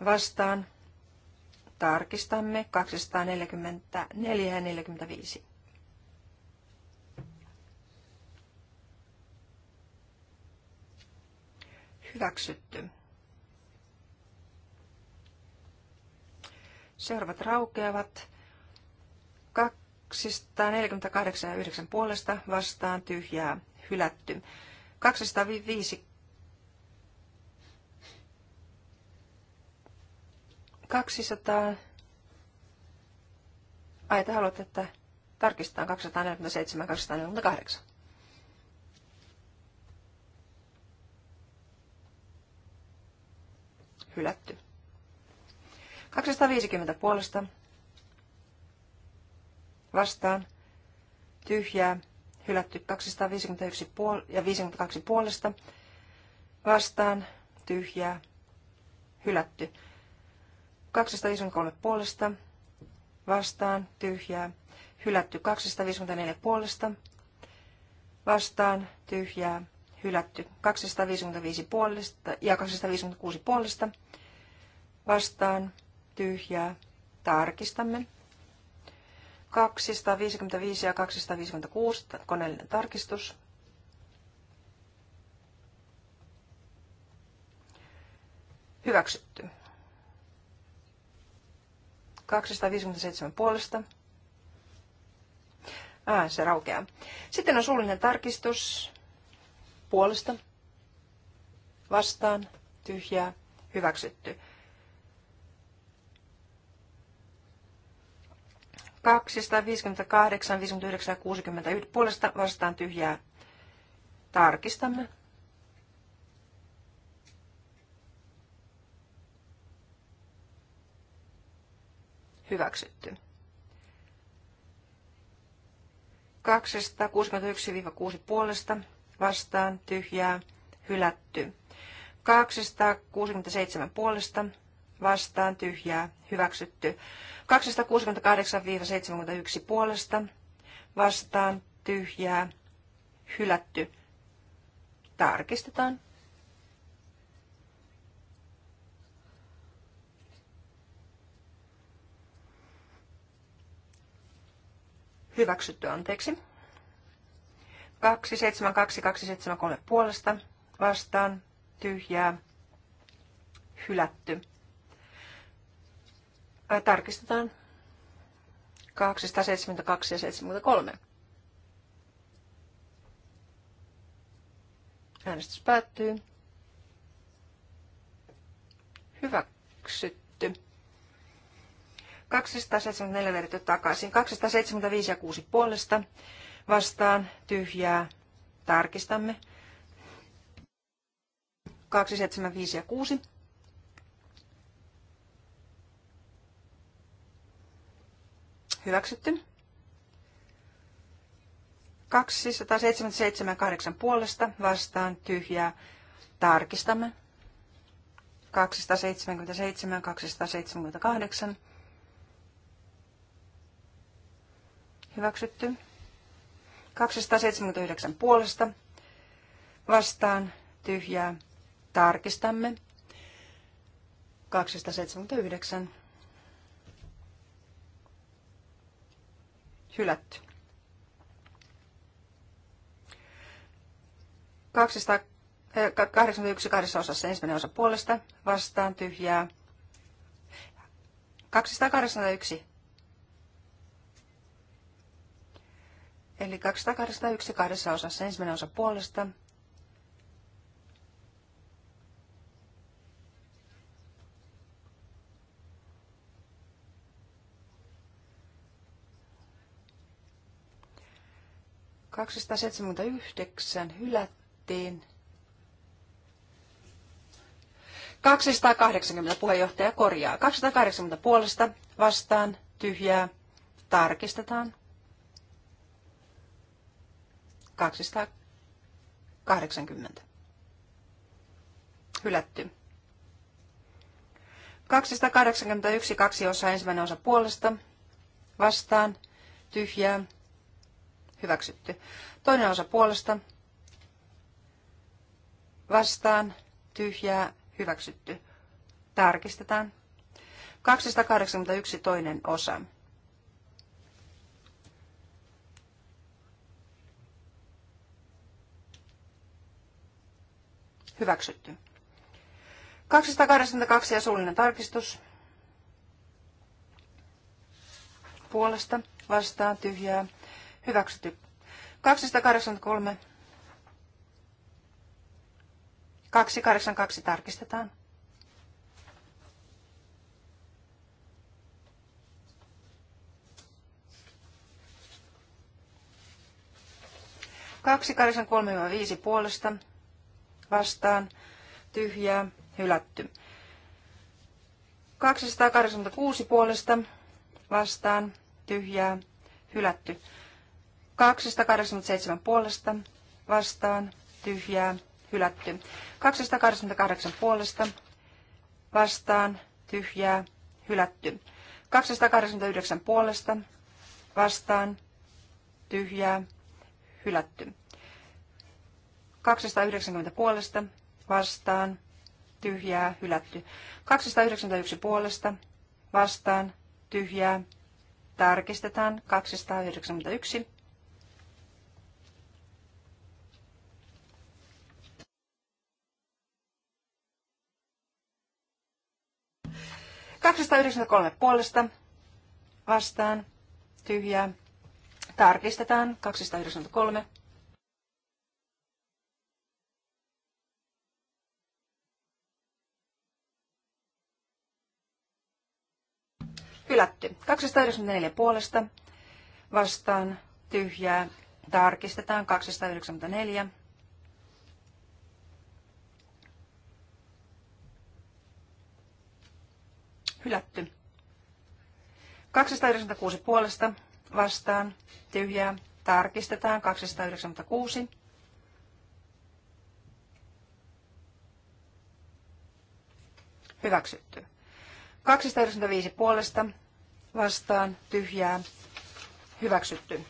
C: vastaan. Tarkistamme 244 ja 45. Hyväksytty. Seuraavat raukeavat. 248 ja 9 puolesta vastaan tyhjää hylätty. 250 200. Ai, te haluatte, että tarkistetaan 247, 248. Hylätty. 250 puolesta. Vastaan. Tyhjää. Hylätty 251 puol- ja 52 puolesta. Vastaan. Tyhjää. Hylätty 253 puolesta vastaan tyhjää. Hylätty 254 puolesta vastaan tyhjää. Hylätty 255 puolesta ja 256 puolesta vastaan tyhjää. Tarkistamme. 255 ja 256 koneellinen tarkistus. Hyväksytty. 257 puolesta. Ah, se raukeaa. Sitten on suullinen tarkistus puolesta. Vastaan. Tyhjää. Hyväksytty. 258, 59 ja 60 puolesta vastaan tyhjää. Tarkistamme. Hyväksytty. 261-6 puolesta vastaan tyhjää hylätty. 267 puolesta vastaan tyhjää hyväksytty. 268-71 puolesta vastaan tyhjää hylätty. Tarkistetaan. Hyväksytty, anteeksi. 272273 puolesta. Vastaan. Tyhjää. Hylätty. Tarkistetaan. 272 ja 73. Äänestys päättyy. Hyväksytty 274 vedetty takaisin. 275 ja 6 puolesta vastaan tyhjää. Tarkistamme. 275 ja 6. Hyväksytty. 277 8 puolesta vastaan tyhjää. Tarkistamme. 277 278. Hyväksytty. 279 puolesta. Vastaan. Tyhjää. Tarkistamme. 279. Hylätty. 281 eh, kahdessa osassa ensimmäinen osa puolesta. Vastaan. Tyhjää. 281 Eli 281 kahdessa osassa. Ensimmäinen osa puolesta. Kaksisataaseitsemänkymmentäyhdeksän hylättiin. kahdeksankymmentä puheenjohtaja korjaa. kaksista kahdeksankymmentä puolesta vastaan tyhjää. Tarkistetaan. 280. Hylätty. 281 kaksi osaa ensimmäinen osa puolesta. Vastaan. Tyhjää. Hyväksytty. Toinen osa puolesta. Vastaan. Tyhjää. Hyväksytty. Tarkistetaan. 281 toinen osa. Hyväksytty. 282 ja suullinen tarkistus. Puolesta, vastaan, tyhjää. Hyväksytty. 283. 282 tarkistetaan. Kaksi, kahdeksan, kolme, viisi puolesta, vastaan tyhjää hylätty. 286 puolesta vastaan tyhjää hylätty. 287 puolesta vastaan tyhjää hylätty. 288 puolesta vastaan tyhjää hylätty. 289 puolesta vastaan tyhjää hylätty. 290 puolesta vastaan tyhjää hylätty. 291 puolesta vastaan tyhjää tarkistetaan 291. kolme puolesta vastaan tyhjää. Tarkistetaan 293. Hylätty. 294 puolesta vastaan tyhjää. Tarkistetaan 294. Hylätty. 296 puolesta vastaan tyhjää. Tarkistetaan 296. Hyväksytty. 295 puolesta vastaan tyhjää hyväksytty.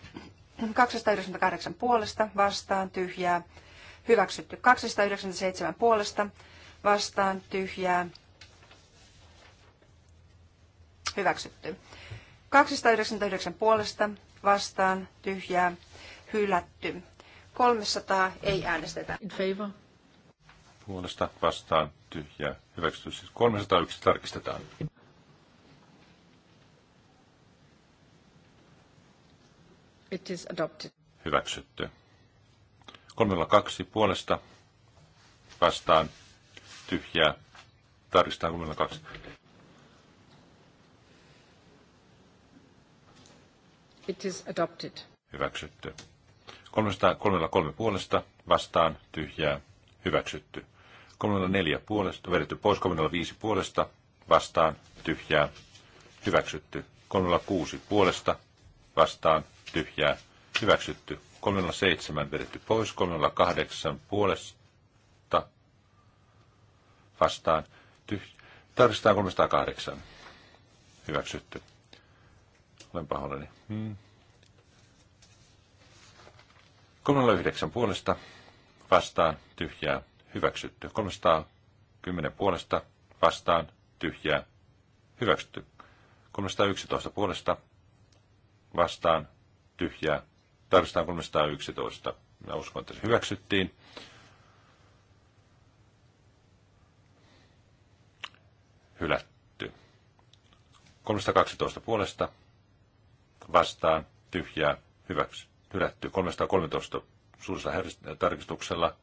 C: 298 puolesta vastaan tyhjää hyväksytty. 297 puolesta vastaan tyhjää hyväksytty. 299 puolesta vastaan tyhjää hylätty. 300 ei äänestetä. In favor.
B: Puolesta vastaan tyhjää hyväksytty. Siis 301 tarkistetaan.
C: It is adopted.
B: Hyväksytty. 302 puolesta vastaan tyhjää. Tarkistetaan 302.
A: It is adopted.
B: Hyväksytty. 303 puolesta vastaan tyhjää. Hyväksytty. 304 puolesta, vedetty pois 305 puolesta vastaan tyhjää. Hyväksytty. 306 puolesta vastaan tyhjää, hyväksytty. 307 vedetty pois, 308 puolesta vastaan, tyhjää. Tarkistetaan 308, hyväksytty. Olen pahoillani. Hmm. 309 puolesta vastaan, tyhjää, hyväksytty. 310 puolesta vastaan, tyhjää, hyväksytty. 311 puolesta vastaan, tyhjää. Tarkistetaan 311. Minä uskon, että se hyväksyttiin. Hylätty. 312 puolesta vastaan tyhjää hyväksy, hylätty. 313 suurella tarkistuksella.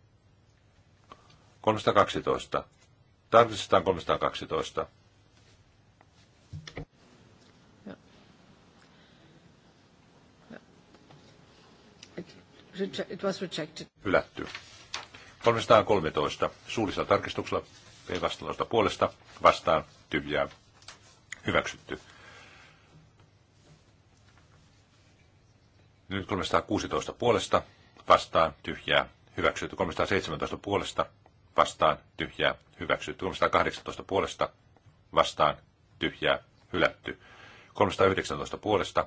B: 312. Tarkistetaan 312.
A: it was rejected.
B: Hylätty. 313 suullisella tarkistuksella ei vastalausta puolesta vastaan tyhjää hyväksytty. Nyt 316 puolesta vastaan tyhjää hyväksytty. 317 puolesta vastaan tyhjää hyväksytty. 318 puolesta vastaan tyhjää hylätty. 319 puolesta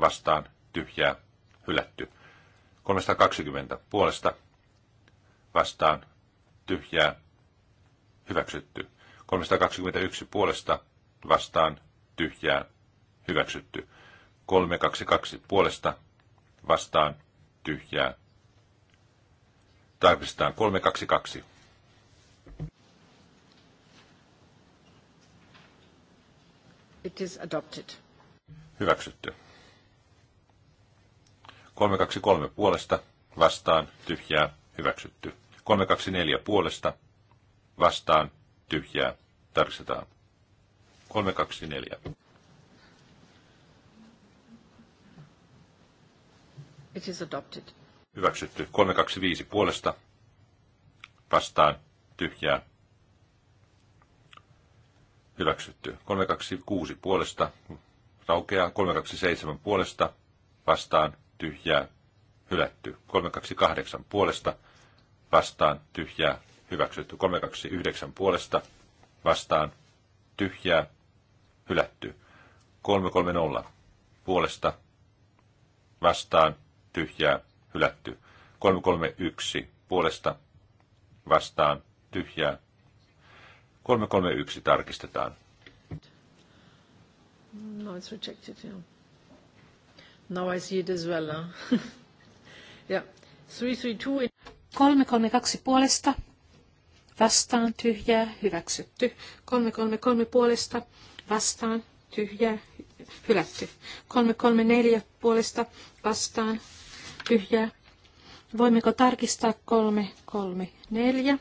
B: vastaan tyhjää hylätty. 320 puolesta vastaan tyhjää hyväksytty. 321 puolesta vastaan tyhjää hyväksytty. 322 puolesta vastaan tyhjää. Tarkistetaan 322.
A: It is adopted.
B: Hyväksytty. 323 puolesta vastaan tyhjää hyväksytty. 324 puolesta vastaan tyhjää tarkistetaan. 324.
A: It is adopted.
B: Hyväksytty. 325 puolesta vastaan tyhjää hyväksytty. 326 puolesta raukeaa, 327 puolesta vastaan tyhjää, hylätty. 328 puolesta, vastaan, tyhjää, hyväksytty. 329 puolesta, vastaan, tyhjää, hylätty. 330 puolesta, vastaan, tyhjää, hylätty. 331 puolesta, vastaan, tyhjää. 331 tarkistetaan.
A: No, it's rejected, yeah. Now I see it as well. Huh? yeah. 332. 332 puolesta. Vastaan tyhjää. Hyväksytty. 333 puolesta. Vastaan tyhjää. Hylätty. 334 puolesta. Vastaan tyhjää. Voimmeko tarkistaa 334?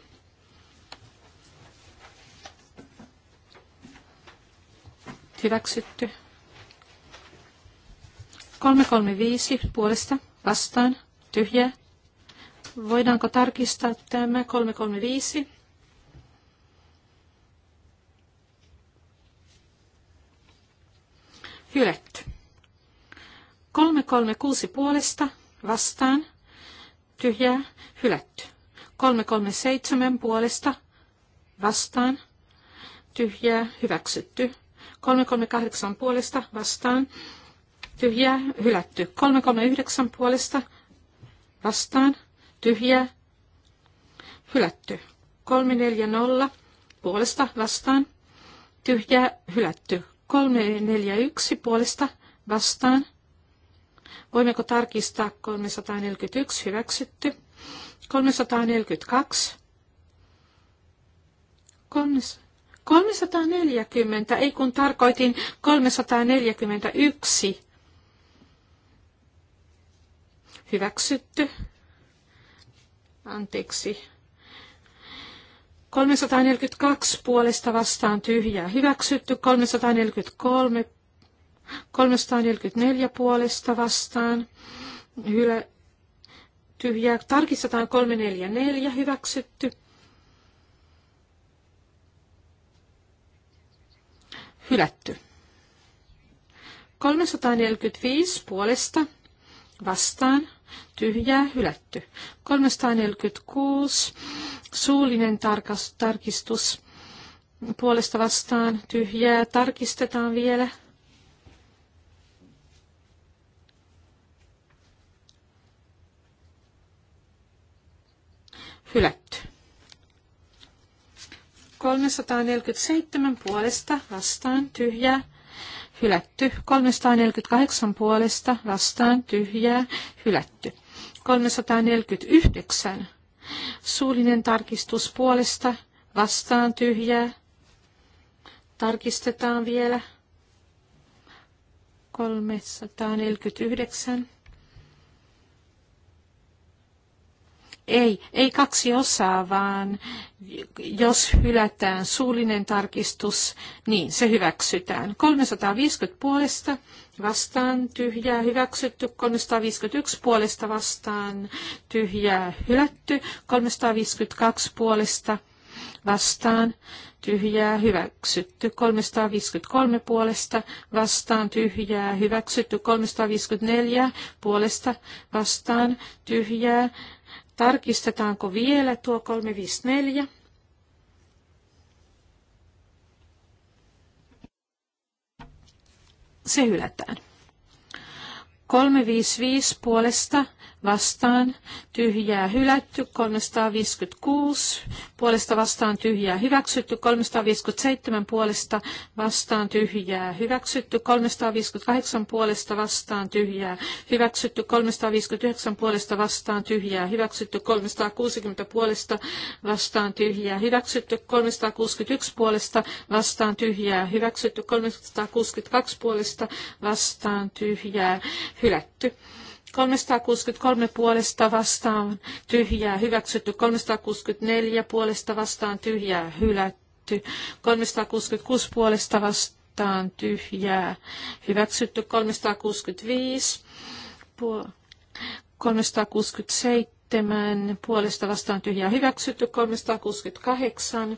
A: Hyväksytty. 335 puolesta vastaan tyhjä Voidaanko tarkistaa tämä 335? Hylätty. 336 puolesta vastaan tyhjää hylätty. 337 puolesta vastaan tyhjää hyväksytty. 338 puolesta vastaan tyhjää, hylätty. 339 puolesta vastaan, tyhjää, hylätty. 340 puolesta vastaan, tyhjää, hylätty. 341 puolesta vastaan. Voimmeko tarkistaa 341 hyväksytty? 342. 340, ei kun tarkoitin 341 Hyväksytty. Anteeksi. 342 puolesta vastaan tyhjää hyväksytty, 343, 344 puolesta vastaan hylä, tyhjää, tarkistetaan 344 hyväksytty. Hylätty. 345 puolesta vastaan tyhjää hylätty. 346 suullinen tarkas, tarkistus puolesta vastaan tyhjää tarkistetaan vielä. Hylätty. 347 puolesta vastaan tyhjää hylätty. 348 puolesta vastaan tyhjää, hylätty. 349 suullinen tarkistus puolesta vastaan tyhjää. Tarkistetaan vielä. 349. Ei, ei kaksi osaa, vaan jos hylätään suullinen tarkistus, niin se hyväksytään. 350 puolesta vastaan tyhjää hyväksytty, 351 puolesta vastaan tyhjää hylätty, 352 puolesta vastaan tyhjää hyväksytty, 353 puolesta vastaan tyhjää hyväksytty, 354 puolesta vastaan tyhjää Tarkistetaanko vielä tuo 354? Se hylätään. 355 puolesta vastaan tyhjää hylätty, 356 puolesta vastaan tyhjää hyväksytty, 357 puolesta vastaan tyhjää hyväksytty, 358 puolesta vastaan tyhjää hyväksytty, 359 puolesta vastaan tyhjää hyväksytty, 360 puolesta vastaan tyhjää hyväksytty, 361 puolesta vastaan tyhjää hyväksytty, 362 puolesta vastaan tyhjää hylätty. 363 puolesta vastaan tyhjää hyväksytty, 364 puolesta vastaan tyhjää hylätty, 366 puolesta vastaan tyhjää hyväksytty, 365 puolesta 367, puolesta vastaan tyhjää hyväksytty, 368,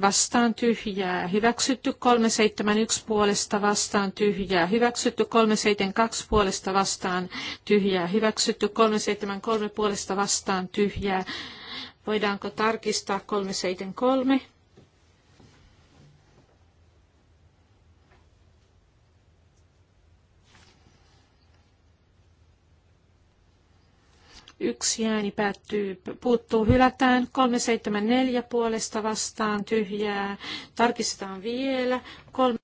A: vastaan tyhjää, hyväksytty 371 puolesta vastaan tyhjää, hyväksytty 372 puolesta vastaan tyhjää, hyväksytty 373 puolesta vastaan tyhjää. Voidaanko tarkistaa 373? Yksi ääni päättyy, puuttuu, hylätään. 374 puolesta vastaan, tyhjää. Tarkistetaan vielä. 3,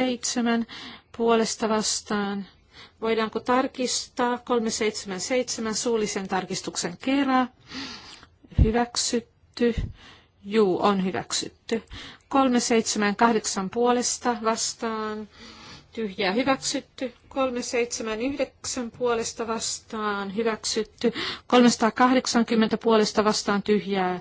A: seitsemän puolesta vastaan Voidaanko tarkistaa 377 suullisen tarkistuksen kerran? Hyväksytty. Juu, on hyväksytty. 378 puolesta vastaan. Tyhjää hyväksytty. 379 puolesta vastaan hyväksytty. 380 puolesta vastaan tyhjää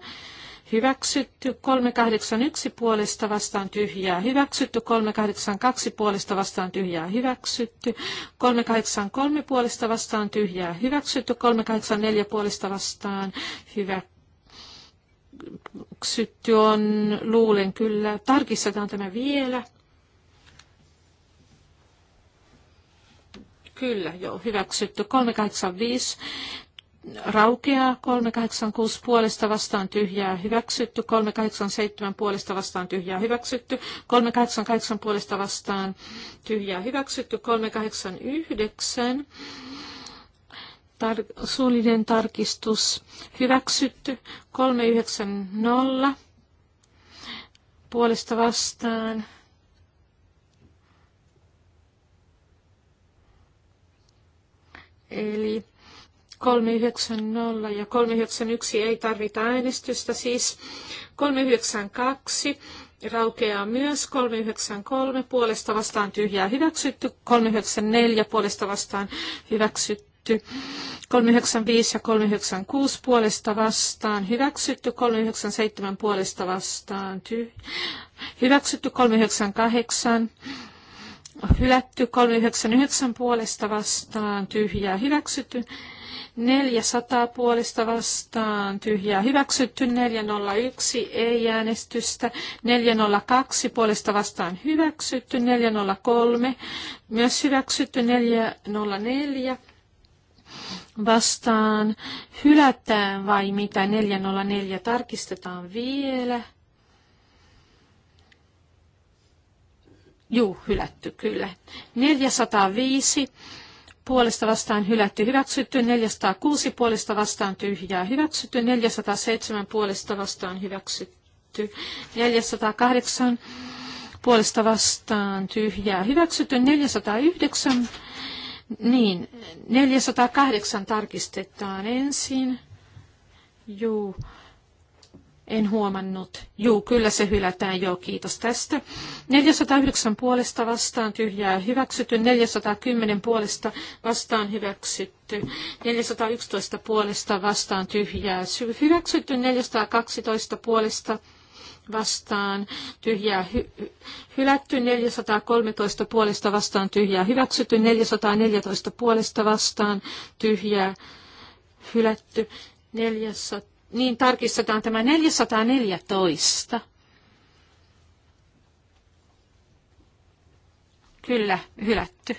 A: Hyväksytty 381 puolesta vastaan tyhjää. Hyväksytty 382 puolesta vastaan tyhjää. Hyväksytty 383 puolesta vastaan tyhjää. Hyväksytty 384 puolesta vastaan hyväksytty on, luulen kyllä. Tarkistetaan tämä vielä. Kyllä, joo, hyväksytty. 385 raukeaa 386 puolesta vastaan tyhjää hyväksytty, 387 puolesta vastaan tyhjää hyväksytty, 388 puolesta vastaan tyhjää hyväksytty, 389 tar- suullinen tarkistus hyväksytty, 390 puolesta vastaan Eli 390 ja 391 ei tarvita äänestystä, siis 392 raukeaa myös 393 puolesta vastaan tyhjää hyväksytty, 394 puolesta vastaan hyväksytty, 395 ja 396 puolesta vastaan hyväksytty, 397 puolesta vastaan tyhjää, hyväksytty, 398 hylätty, 399 puolesta vastaan tyhjää hyväksytty, 400 puolesta vastaan tyhjää hyväksytty, 401 ei äänestystä, 402 puolesta vastaan hyväksytty, 403 myös hyväksytty, 404 vastaan hylätään vai mitä 404 tarkistetaan vielä. Juu, hylätty kyllä. 405 puolesta vastaan hylätty hyväksytty, 406 puolesta vastaan tyhjää hyväksytty, 407 puolesta vastaan hyväksytty, 408 puolesta vastaan tyhjää hyväksytty, 409, niin 408 tarkistetaan ensin, juu, en huomannut. Juu, kyllä se hylätään. Joo, kiitos tästä. 409 puolesta vastaan tyhjää hyväksytty. 410 puolesta vastaan hyväksytty. 411 puolesta vastaan tyhjää hyväksytty. 412 puolesta vastaan tyhjää hy- hylätty, 413 puolesta vastaan tyhjää hyväksytty, 414 puolesta vastaan tyhjää hylätty, 400 niin tarkistetaan tämä 414. Kyllä, hylätty.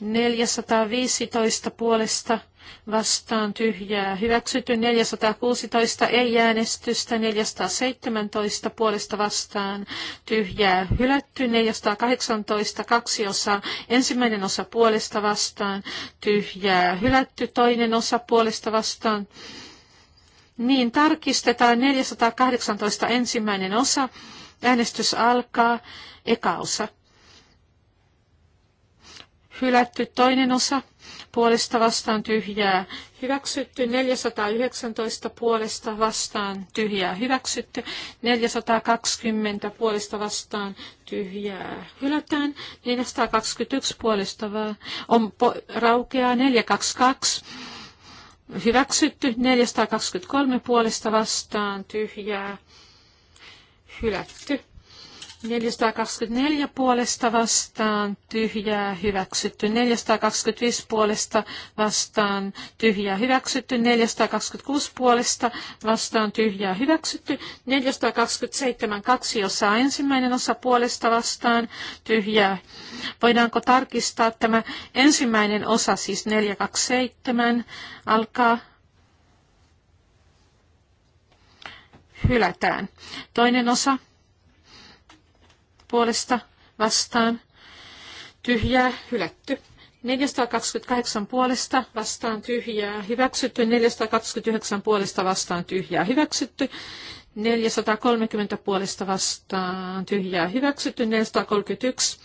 A: 415 puolesta vastaan tyhjää hyväksytty, 416 ei äänestystä, 417 puolesta vastaan tyhjää hylätty, 418 kaksi osaa, ensimmäinen osa puolesta vastaan tyhjää hylätty, toinen osa puolesta vastaan niin tarkistetaan 418 ensimmäinen osa. Äänestys alkaa. Eka osa. Hylätty toinen osa puolesta vastaan tyhjää hyväksytty, 419 puolesta vastaan tyhjää hyväksytty, 420 puolesta vastaan tyhjää hylätään, 421 puolesta on po- raukeaa, 422 hyväksytty, 423 puolesta vastaan tyhjää hylätty. 424 puolesta vastaan, tyhjää hyväksytty. 425 puolesta vastaan, tyhjää hyväksytty. 426 puolesta vastaan, tyhjää hyväksytty. 427 kaksi osaa ensimmäinen osa puolesta vastaan, tyhjää. Voidaanko tarkistaa tämä ensimmäinen osa, siis 427, alkaa hylätään. Toinen osa puolesta vastaan tyhjää hylätty. 428 puolesta vastaan tyhjää hyväksytty, 429 puolesta vastaan tyhjää hyväksytty, 430 puolesta vastaan tyhjää hyväksytty, 431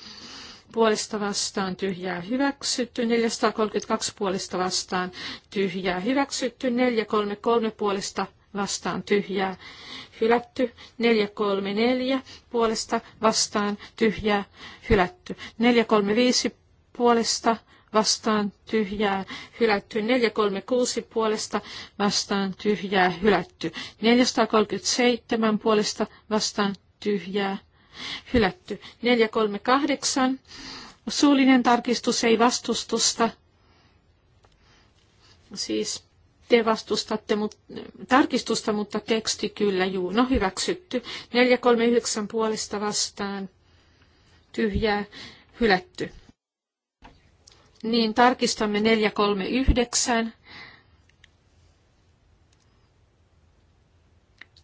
A: puolesta vastaan tyhjää hyväksytty, 432 puolesta vastaan tyhjää hyväksytty, 433 puolesta vastaan tyhjää hylätty. 434 puolesta vastaan tyhjää hylätty. 435 puolesta vastaan tyhjää hylätty. 436 puolesta vastaan tyhjää hylätty. 437 puolesta vastaan tyhjää hylätty. 438 suullinen tarkistus ei vastustusta. Siis te vastustatte mut, tarkistusta, mutta teksti kyllä, juu, no hyväksytty. 439 puolesta vastaan, tyhjää, hylätty. Niin tarkistamme 439.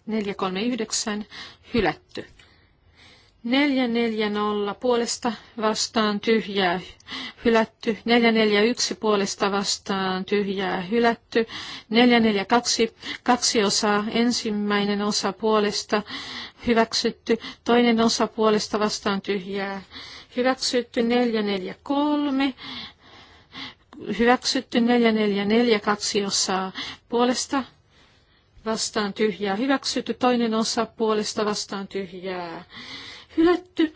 A: 439, hylätty. 440 puolesta vastaan tyhjää hylätty. 441 puolesta vastaan tyhjää hylätty. 442 kaksi osaa. Ensimmäinen osa puolesta hyväksytty. Toinen osa puolesta vastaan tyhjää hyväksytty. 443 hyväksytty. 444 kaksi osaa puolesta vastaan tyhjää hyväksytty. Toinen osa puolesta vastaan tyhjää hylätty.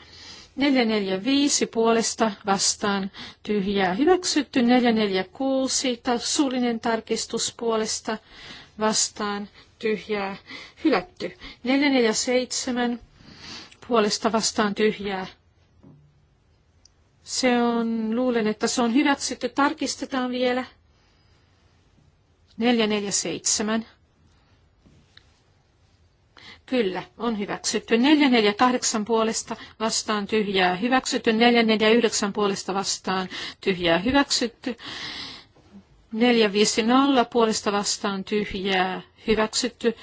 A: 445 puolesta vastaan tyhjää hyväksytty. 446 suullinen tarkistus puolesta vastaan tyhjää hylätty. 447 puolesta vastaan tyhjää. Se on, luulen, että se on hyväksytty. Tarkistetaan vielä. 447. Kyllä, on hyväksytty. 448 puolesta vastaan tyhjää hyväksytty. 449 puolesta vastaan tyhjää hyväksytty. 450 puolesta vastaan tyhjää hyväksytty.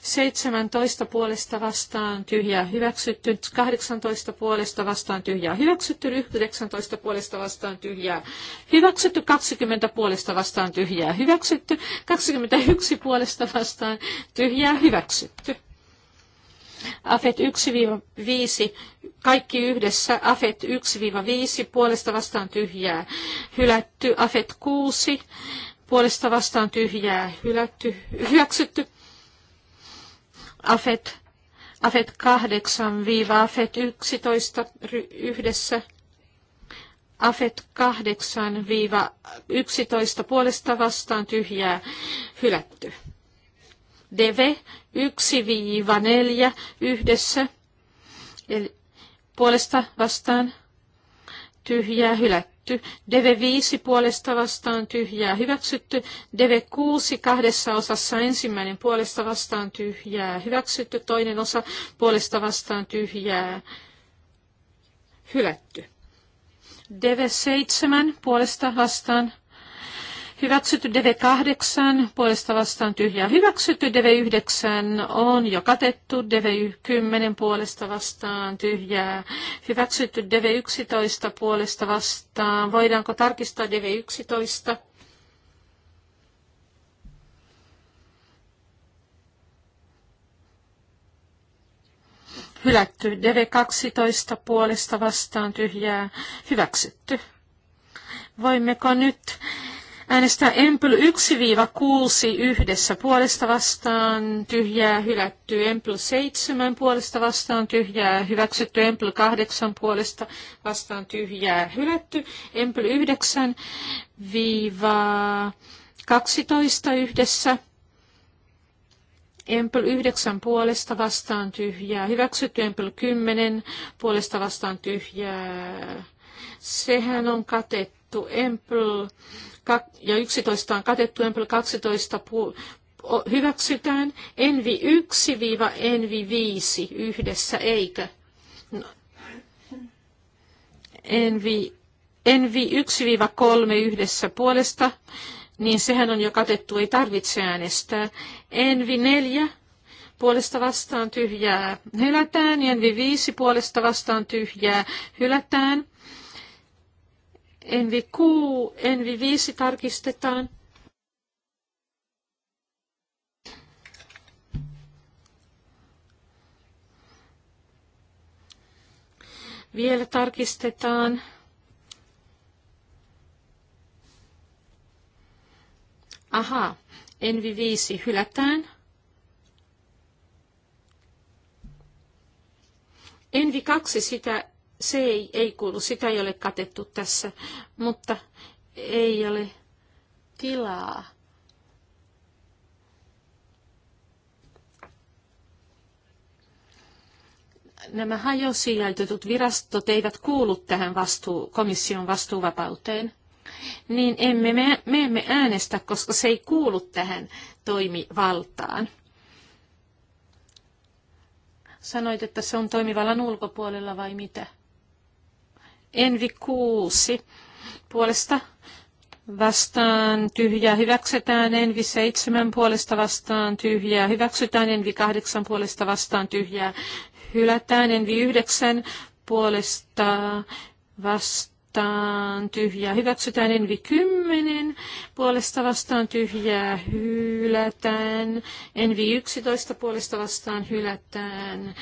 A: 17 puolesta vastaan tyhjää hyväksytty, 18 puolesta vastaan tyhjää hyväksytty, 19 puolesta vastaan tyhjää hyväksytty, 20 puolesta vastaan tyhjää hyväksytty, 21 puolesta vastaan tyhjää hyväksytty. AFET 1-5, kaikki yhdessä, AFET 1-5, puolesta vastaan tyhjää, hylätty, AFET 6, puolesta vastaan tyhjää, hylätty, hyväksytty, AFET, AFET 8-AFET 11 yhdessä, AFET 8-11 puolesta vastaan tyhjää, hylätty. DV 1-4 yhdessä. Eli puolesta vastaan tyhjää hylätty. Deve 5 puolesta vastaan tyhjää hyväksytty. Deve 6 kahdessa osassa ensimmäinen puolesta vastaan tyhjää hyväksytty. Toinen osa puolesta vastaan tyhjää hylätty. Deve 7 puolesta vastaan Hyväksytty DV8, puolesta vastaan tyhjä. Hyväksytty DV9 on jo katettu. DV10 puolesta vastaan tyhjää. Hyväksytty DV11 puolesta vastaan. Voidaanko tarkistaa DV11? Hylätty DV12 puolesta vastaan tyhjää. Hyväksytty. Voimmeko nyt äänestää Empl 1-6 yhdessä puolesta vastaan, tyhjää hylätty Empl 7 puolesta vastaan, tyhjää hyväksytty Empl 8 puolesta vastaan, tyhjää hylätty Empl 9 12 yhdessä. Empel 9 puolesta vastaan tyhjää. Hyväksytty Empel 10 puolesta vastaan tyhjää. Sehän on katettu katettu Empl ja 11 on katettu Empl 12 hyväksytään Envi 1-Envi 5 yhdessä, eikö? No. Envi, Envi 1-3 yhdessä puolesta, niin sehän on jo katettu, ei tarvitse äänestää. Envi 4 puolesta vastaan tyhjää hylätään, Envi 5 puolesta vastaan tyhjää hylätään, Envi 6, Envi 5 tarkistetaan. Vielä tarkistetaan. Aha, Envi 5 hylätään. Envi 2 sitä se ei, ei kuulu, sitä ei ole katettu tässä, mutta ei ole tilaa. Nämä hajosijaitetut virastot eivät kuulu tähän vastuu, komission vastuuvapauteen, niin emme me, me emme äänestä, koska se ei kuulu tähän toimivaltaan sanoit, että se on toimivallan ulkopuolella vai mitä? Envi kuusi puolesta vastaan tyhjää hyväksytään, envi seitsemän puolesta vastaan tyhjää hyväksytään, envi kahdeksan puolesta vastaan tyhjää hylätään, envi yhdeksän puolesta vastaan tyhjää hyväksytään, envi kymmenen puolesta vastaan tyhjää hylätään, envi yksitoista puolesta vastaan hylätään.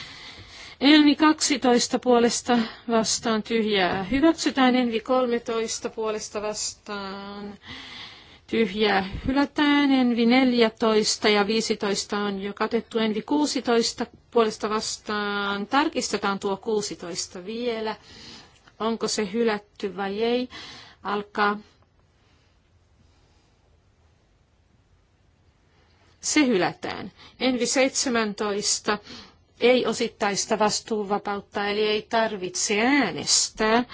A: Envi 12 puolesta vastaan tyhjää hyväksytään. Envi 13 puolesta vastaan tyhjää hylätään. Envi 14 ja 15 on jo katettu. Envi 16 puolesta vastaan. Tarkistetaan tuo 16 vielä. Onko se hylätty vai ei? Alkaa. Se hylätään. Envi 17 ei osittaista vastuuvapautta, eli ei tarvitse äänestää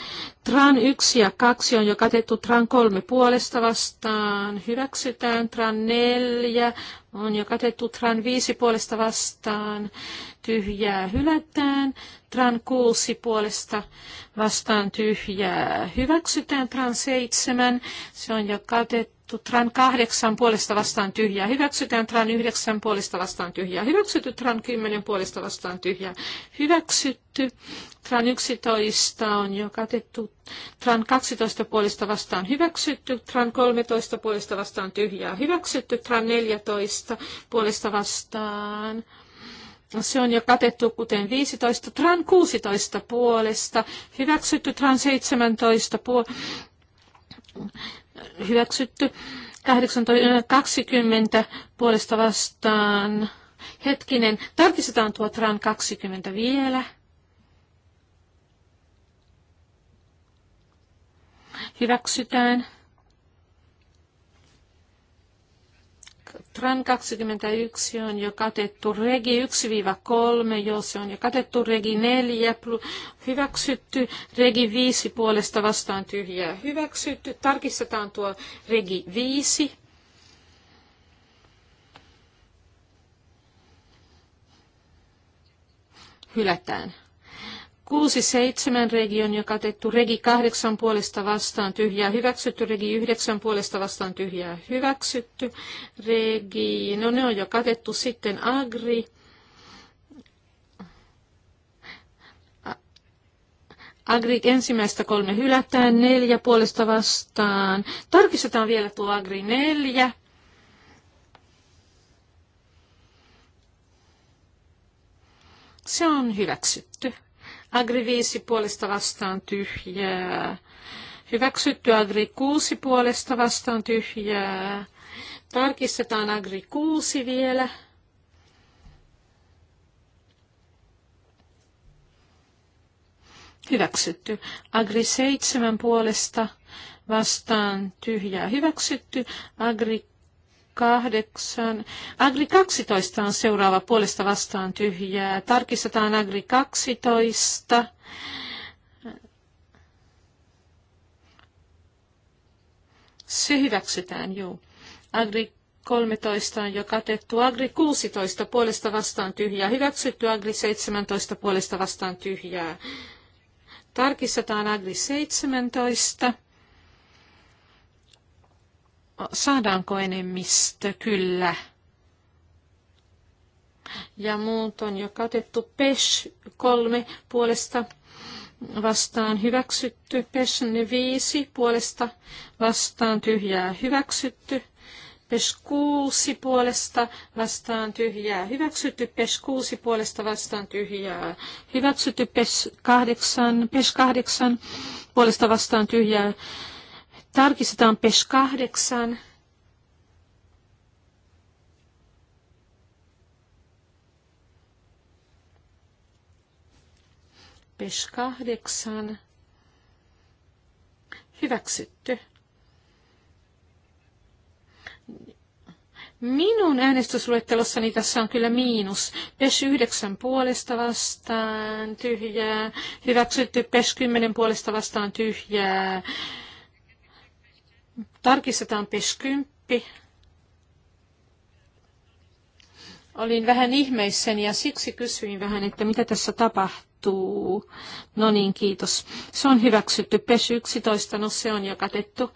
A: Tran 1 ja 2 on jo katettu Tran 3 puolesta vastaan. Hyväksytään Tran 4 on jo katettu Tran 5 puolesta vastaan. Tyhjää hylätään. Tran 6 puolesta vastaan tyhjää hyväksytään. Tran 7 se on jo katettu Tran 8 puolesta vastaan tyhjää hyväksytään, Tran 9 puolesta vastaan tyhjää hyväksytty, Tran 10 puolesta vastaan tyhjää hyväksytty, Tran 11 on jo katettu. Tran 12 puolesta vastaan hyväksytty. Tran 13 puolesta vastaan tyhjää hyväksytty. Tran 14 puolesta vastaan se on jo katettu kuten 15, tran 16 puolesta, hyväksytty tran 17 puolesta, hyväksytty 18, 20 puolesta vastaan. Hetkinen, tarkistetaan tuo tran 20 vielä. hyväksytään. TRAN 21 on jo katettu regi 1-3, jos se on jo katettu regi 4, hyväksytty, regi 5 puolesta vastaan tyhjää hyväksytty. Tarkistetaan tuo regi 5. Hylätään. 6-7 regi on jo katettu, regi 8 puolesta vastaan tyhjää hyväksytty, regi 9 puolesta vastaan tyhjää hyväksytty, regi, no ne on jo katettu, sitten agri, Agri ensimmäistä kolme hylätään, neljä puolesta vastaan. Tarkistetaan vielä tuo Agri neljä. Se on hyväksytty. Agri 5 puolesta vastaan tyhjää. Hyväksytty Agri 6 puolesta vastaan tyhjää. Tarkistetaan Agri 6 vielä. Hyväksytty. Agri 7 puolesta vastaan tyhjää hyväksytty. Agri kahdeksan Agri 12 on seuraava puolesta vastaan tyhjää. Tarkistetaan Agri 12. Se hyväksytään, juu. Agri 13 on jo katettu. Agri 16 puolesta vastaan tyhjää. Hyväksytty Agri 17 puolesta vastaan tyhjää. Tarkistetaan Agri 17 saadaanko enemmistö, kyllä. Ja muut on jo katettu PESH kolme puolesta vastaan hyväksytty, PESH viisi puolesta vastaan tyhjää hyväksytty. PES 6 puolesta vastaan tyhjää. Hyväksytty PES 6 puolesta vastaan tyhjää. Hyväksytty PES 8, PES 8 puolesta vastaan tyhjää. Tarkistetaan PES kahdeksan. PES kahdeksan. Hyväksytty. Minun äänestysluettelossani tässä on kyllä miinus. PES 9 puolesta vastaan tyhjää. Hyväksytty PES 10 puolesta vastaan tyhjää. Tarkistetaan PES 10. Olin vähän ihmeissäni ja siksi kysyin vähän, että mitä tässä tapahtuu. No niin, kiitos. Se on hyväksytty. PES 11, no se on jo katettu.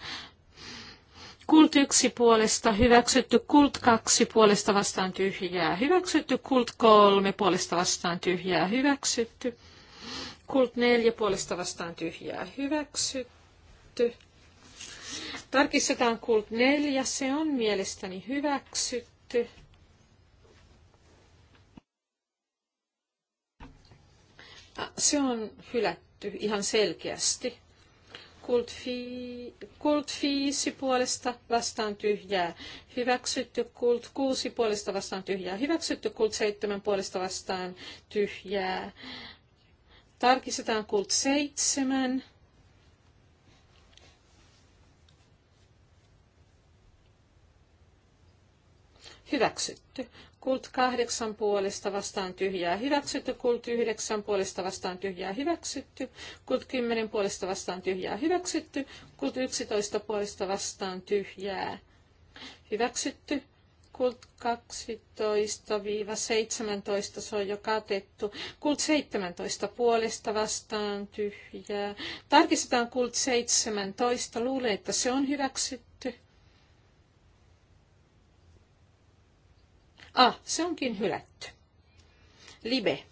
A: Kult 1 puolesta hyväksytty, kult 2 puolesta vastaan tyhjää hyväksytty, kult 3 puolesta vastaan tyhjää hyväksytty, kult 4 puolesta vastaan tyhjää hyväksytty, Tarkistetaan kult neljä, se on mielestäni hyväksytty. Se on hylätty ihan selkeästi. Kult, fi, kult viisi puolesta vastaan tyhjää. Hyväksytty kult kuusi puolesta vastaan tyhjää. Hyväksytty kult seitsemän puolesta vastaan tyhjää. Tarkistetaan kult seitsemän. hyväksytty. Kult kahdeksan puolesta vastaan tyhjää hyväksytty, kult yhdeksän puolesta vastaan tyhjää hyväksytty, kult kymmenen puolesta vastaan tyhjää hyväksytty, kult yksitoista puolesta vastaan tyhjää hyväksytty, kult 12-17, se on jo katettu. Kult 17 puolesta vastaan tyhjää. Tarkistetaan kult 17, luulen, että se on hyväksytty Ah, se onkin hylätty. Libe.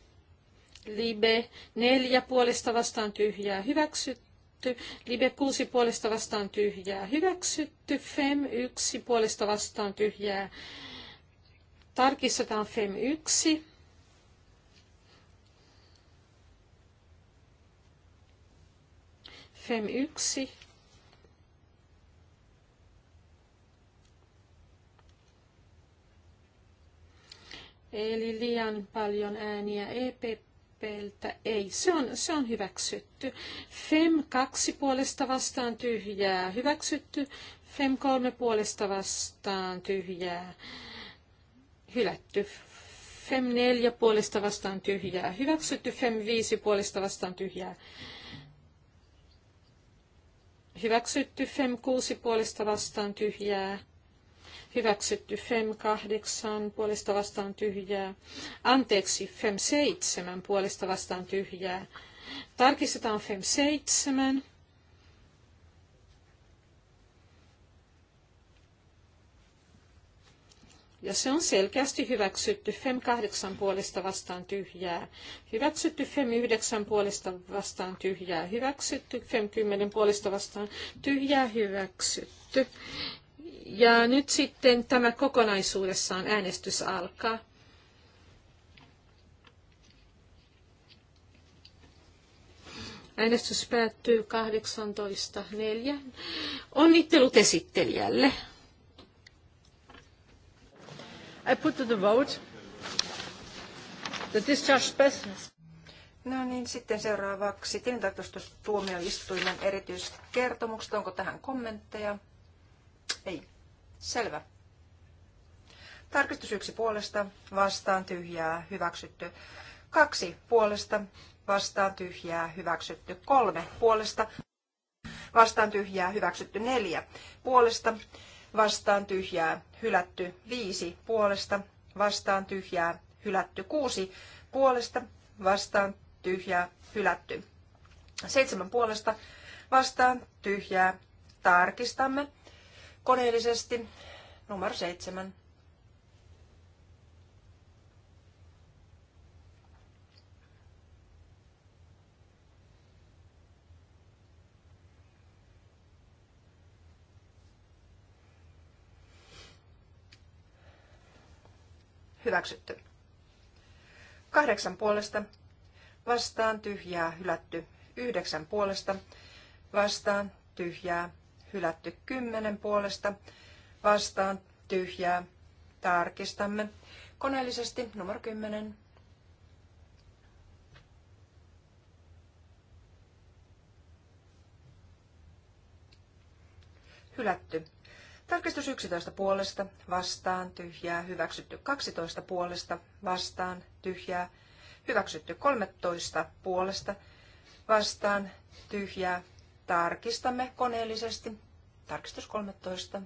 A: Libe neljä puolesta vastaan tyhjää hyväksytty. Libe kuusi puolesta vastaan tyhjää hyväksytty. Fem yksi puolesta vastaan tyhjää. Tarkistetaan Fem yksi. Fem yksi Eli liian paljon ääniä EPPltä ei. Se on, se on hyväksytty. FEM 2 puolesta vastaan tyhjää hyväksytty. FEM 3 puolesta vastaan tyhjää hylätty. FEM 4 puolesta vastaan tyhjää hyväksytty. FEM 5 puolesta vastaan tyhjää hyväksytty. FEM 6 puolesta vastaan tyhjää hyväksytty FEM kahdeksan puolesta vastaan tyhjää, anteeksi FEM seitsemän puolesta vastaan tyhjää. Tarkistetaan FEM seitsemän. Ja se on selkeästi hyväksytty FEM kahdeksan puolesta vastaan tyhjää. Hyväksytty FEM yhdeksän puolesta vastaan tyhjää. Hyväksytty FEM kymmenen puolesta vastaan tyhjää. Hyväksytty. Ja nyt sitten tämä kokonaisuudessaan äänestys alkaa. Äänestys päättyy 18.4. Onnittelut esittelijälle. I put to the vote the discharge business.
C: No niin, sitten seuraavaksi tilintarkastustuomioistuimen erityiskertomuksesta. Onko tähän kommentteja? Ei. Selvä. Tarkistus yksi puolesta, vastaan tyhjää, hyväksytty. Kaksi puolesta, vastaan tyhjää, hyväksytty. Kolme puolesta, vastaan tyhjää, hyväksytty. Neljä puolesta, vastaan tyhjää, hylätty. Viisi puolesta, vastaan tyhjää, hylätty. Kuusi puolesta, vastaan tyhjää, hylätty. Seitsemän puolesta, vastaan tyhjää, tarkistamme koneellisesti numero seitsemän. Hyväksytty. Kahdeksan puolesta. Vastaan tyhjää hylätty. Yhdeksän puolesta. Vastaan tyhjää hylätty kymmenen puolesta, vastaan tyhjää. Tarkistamme koneellisesti numero 10. Hylätty. Tarkistus 11 puolesta, vastaan, tyhjää, hyväksytty 12 puolesta, vastaan, tyhjää, hyväksytty 13 puolesta, vastaan, tyhjää, Tarkistamme koneellisesti. Tarkistus 13.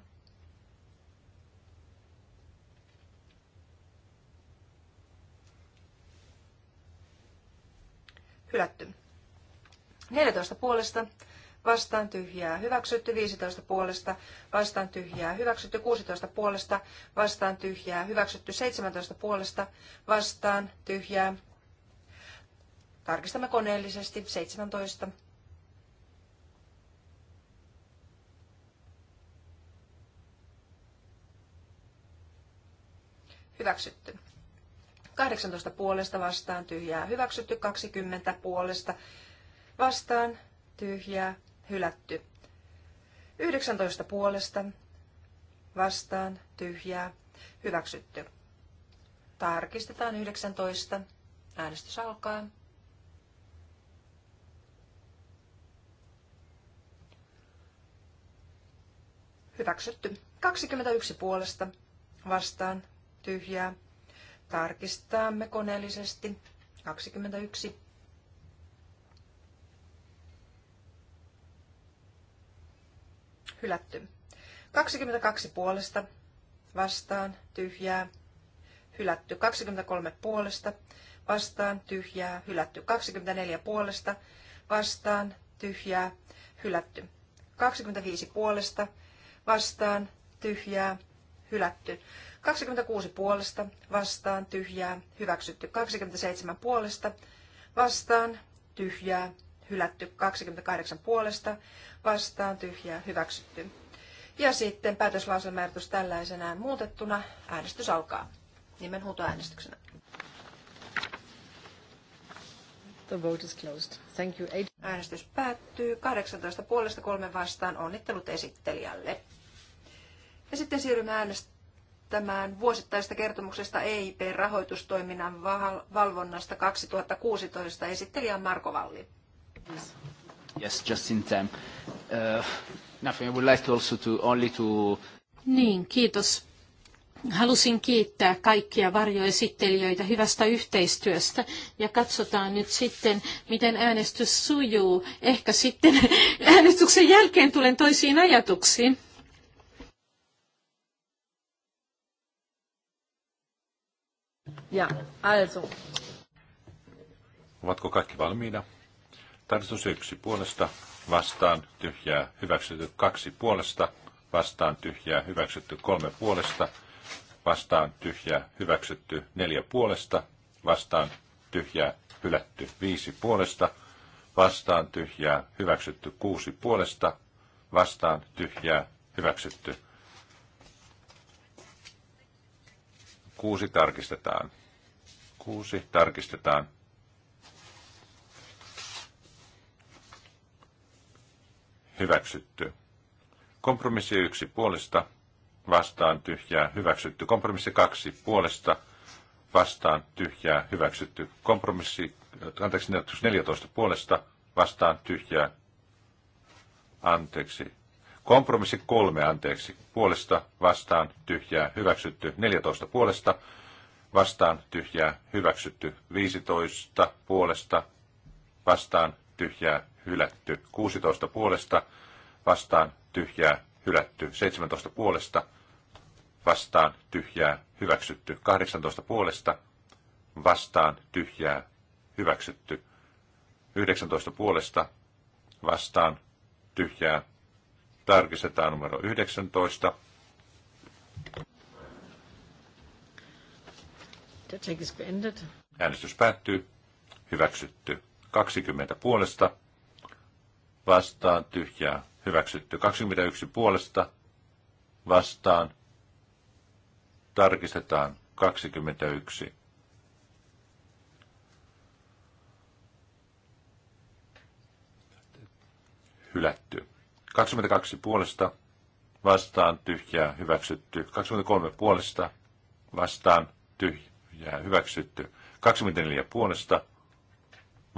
C: Hylätty. 14 puolesta vastaan tyhjää hyväksytty, 15 puolesta vastaan tyhjää hyväksytty, 16 puolesta vastaan tyhjää hyväksytty, 17 puolesta vastaan tyhjää. Tarkistamme koneellisesti 17. hyväksytty. 18 puolesta vastaan tyhjää hyväksytty, 20 puolesta vastaan tyhjää hylätty. 19 puolesta vastaan tyhjää hyväksytty. Tarkistetaan 19. Äänestys alkaa. Hyväksytty. 21 puolesta vastaan tyhjää. Tarkistamme koneellisesti. 21. Hylätty. 22 puolesta vastaan tyhjää. Hylätty. 23 puolesta vastaan tyhjää. Hylätty. 24 puolesta vastaan tyhjää. Hylätty. 25 puolesta vastaan tyhjää. Hylätty. 26 puolesta, vastaan, tyhjää, hyväksytty. 27 puolesta, vastaan, tyhjää, hylätty. 28 puolesta, vastaan, tyhjää, hyväksytty. Ja sitten päätöslauselmäärätys tällaisenään muutettuna. Äänestys alkaa nimenhuutoäänestyksenä. The vote is closed. Thank you. Äänestys päättyy 18 puolesta kolme vastaan. Onnittelut esittelijälle. Ja sitten siirrymme äänestämään Tämän vuosittaisesta kertomuksesta eip rahoitustoiminnan valvonnasta 2016. Esittelijä Marko Valli.
A: Yes, just in time. Uh, nothing. I would like to also to only to... Niin, kiitos. Halusin kiittää kaikkia varjoesittelijöitä hyvästä yhteistyöstä ja katsotaan nyt sitten, miten äänestys sujuu. Ehkä sitten äänestyksen jälkeen tulen toisiin ajatuksiin. Ja, also.
B: Ovatko kaikki valmiina? Tarkistus yksi puolesta, vastaan tyhjää, hyväksytty kaksi puolesta, vastaan tyhjää, hyväksytty kolme puolesta, vastaan tyhjää, hyväksytty neljä puolesta, vastaan tyhjää, hylätty viisi puolesta, vastaan tyhjää, hyväksytty kuusi puolesta, vastaan tyhjää, hyväksytty Kuusi tarkistetaan. Kuusi tarkistetaan. Hyväksytty. Kompromissi yksi puolesta, vastaan tyhjää, hyväksytty. Kompromissi kaksi puolesta, vastaan tyhjää, hyväksytty. Kompromissi, anteeksi, 14 puolesta, vastaan tyhjää, anteeksi, Kompromissi kolme, anteeksi, puolesta, vastaan, tyhjää, hyväksytty, 14 puolesta, vastaan, tyhjää, hyväksytty, 15 puolesta, vastaan, tyhjää, hylätty, 16 puolesta, vastaan, tyhjää, hylätty, 17 puolesta, vastaan, tyhjää, hyväksytty, 18 puolesta, vastaan, tyhjää, hyväksytty, 19 puolesta, vastaan, tyhjää, Tarkistetaan numero 19. Äänestys päättyy. Hyväksytty. 20 puolesta. Vastaan tyhjää. Hyväksytty. 21 puolesta. Vastaan. Tarkistetaan. 21. Hylätty. 22 puolesta vastaan tyhjää hyväksytty. 23 puolesta vastaan tyhjää hyväksytty. 24 puolesta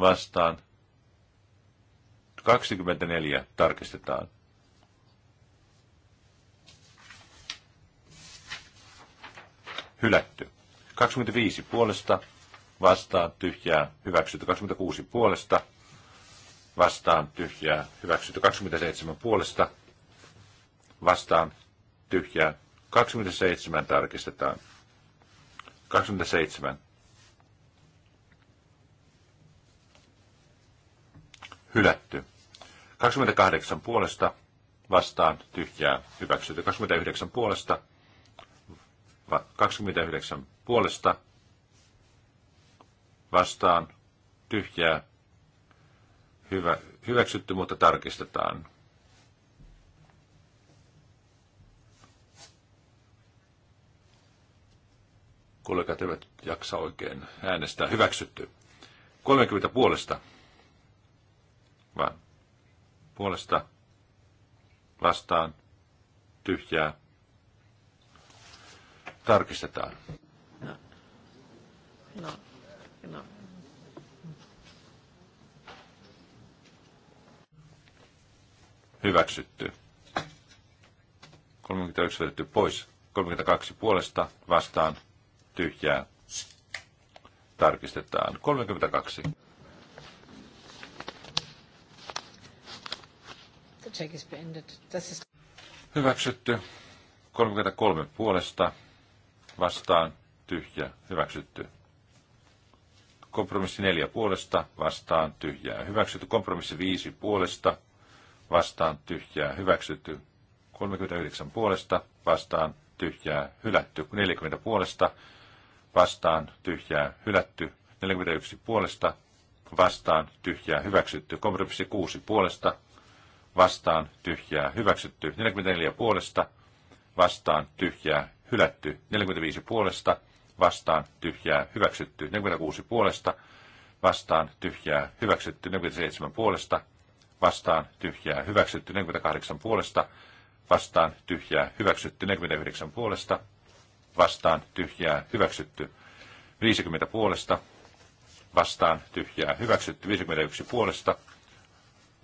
B: vastaan 24 tarkistetaan. Hylätty. 25 puolesta vastaan tyhjää hyväksytty. 26 puolesta vastaan tyhjää hyväksytty 27 puolesta, vastaan tyhjää 27 tarkistetaan. 27. Hylätty. 28 puolesta vastaan tyhjää hyväksytty. 29 puolesta 29 puolesta vastaan tyhjää Hyvä, hyväksytty, mutta tarkistetaan. Kollegat eivät jaksa oikein äänestää. Hyväksytty. 30 puolesta. Vaan puolesta vastaan tyhjää. Tarkistetaan. No.
A: No. No.
B: hyväksytty. 31 vedetty pois. 32 puolesta vastaan tyhjää tarkistetaan. 32. Hyväksytty. 33 puolesta vastaan tyhjä hyväksytty. Kompromissi 4 puolesta vastaan tyhjää hyväksytty. Kompromissi 5 puolesta vastaan tyhjää hyväksytty. 39 puolesta vastaan tyhjää hylätty. 40 puolesta vastaan tyhjää hylätty. 41 puolesta vastaan tyhjää hyväksytty. Kompromissi 6 puolesta vastaan tyhjää hyväksytty. 44 puolesta vastaan tyhjää hylätty. 45 puolesta vastaan tyhjää hyväksytty. 46 puolesta vastaan tyhjää hyväksytty. 47 puolesta vastaan tyhjää hyväksytty 48 puolesta, vastaan tyhjää hyväksytty 49 puolesta, vastaan tyhjää hyväksytty 50 puolesta, vastaan tyhjää hyväksytty 51 puolesta,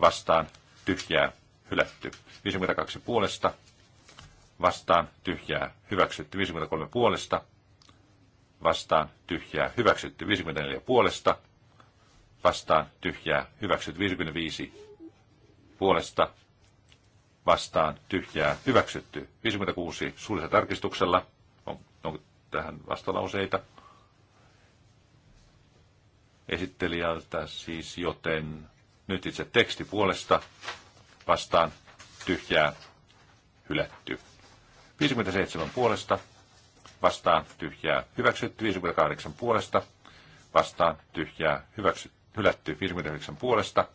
B: vastaan tyhjää hylätty 52 puolesta, vastaan tyhjää hyväksytty 53 puolesta, vastaan tyhjää hyväksytty 54 puolesta, vastaan tyhjää hyväksytty 55 puolesta vastaan tyhjää hyväksytty. 56 suullisella tarkistuksella. On, onko tähän vastalauseita? Esittelijältä siis, joten nyt itse teksti puolesta vastaan tyhjää hylätty. 57 puolesta vastaan tyhjää hyväksytty. 58 puolesta vastaan tyhjää hyväksytty, hylätty. 59 puolesta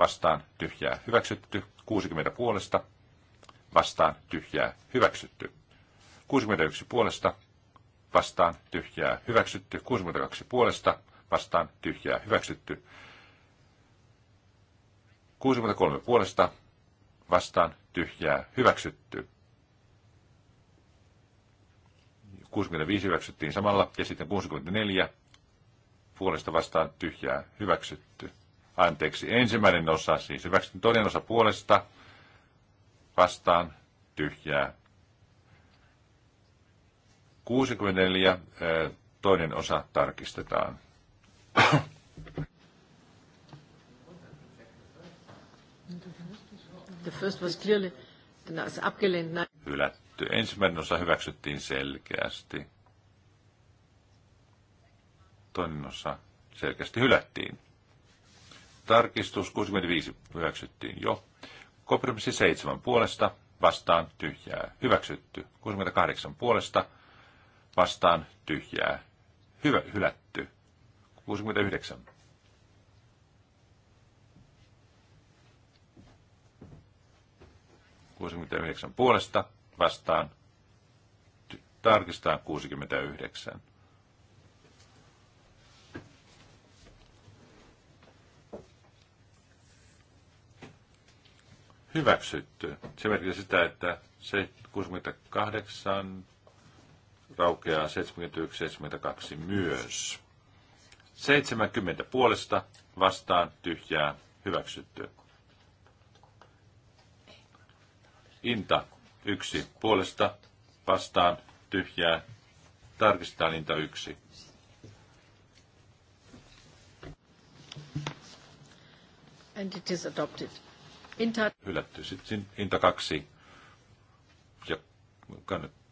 B: vastaan tyhjää hyväksytty. 60 puolesta vastaan tyhjää hyväksytty. 61 puolesta vastaan tyhjää hyväksytty. 62 puolesta vastaan tyhjää hyväksytty. 63 puolesta vastaan tyhjää hyväksytty. 65 hyväksyttiin samalla ja sitten 64 puolesta vastaan tyhjää hyväksytty anteeksi, ensimmäinen osa, siis hyväksytty toinen osa puolesta, vastaan, tyhjää. 64, eh, toinen osa tarkistetaan.
A: The first was clearly,
B: Hylätty. Ensimmäinen osa hyväksyttiin selkeästi. Toinen osa selkeästi hylättiin. Tarkistus 65 hyväksyttiin jo. Kompromissi 7 puolesta vastaan tyhjää hyväksytty. 68 puolesta vastaan tyhjää hyvä, hylätty. 69 69 puolesta vastaan. Tarkistetaan 69. hyväksytty. Se merkitsee sitä, että 68 raukeaa 71-72 myös. 70 puolesta vastaan tyhjää hyväksytty. Inta 1 puolesta vastaan tyhjää. Tarkistetaan Inta 1. And it is adopted. Inta... Hylätty. Sitten Inta 2 ja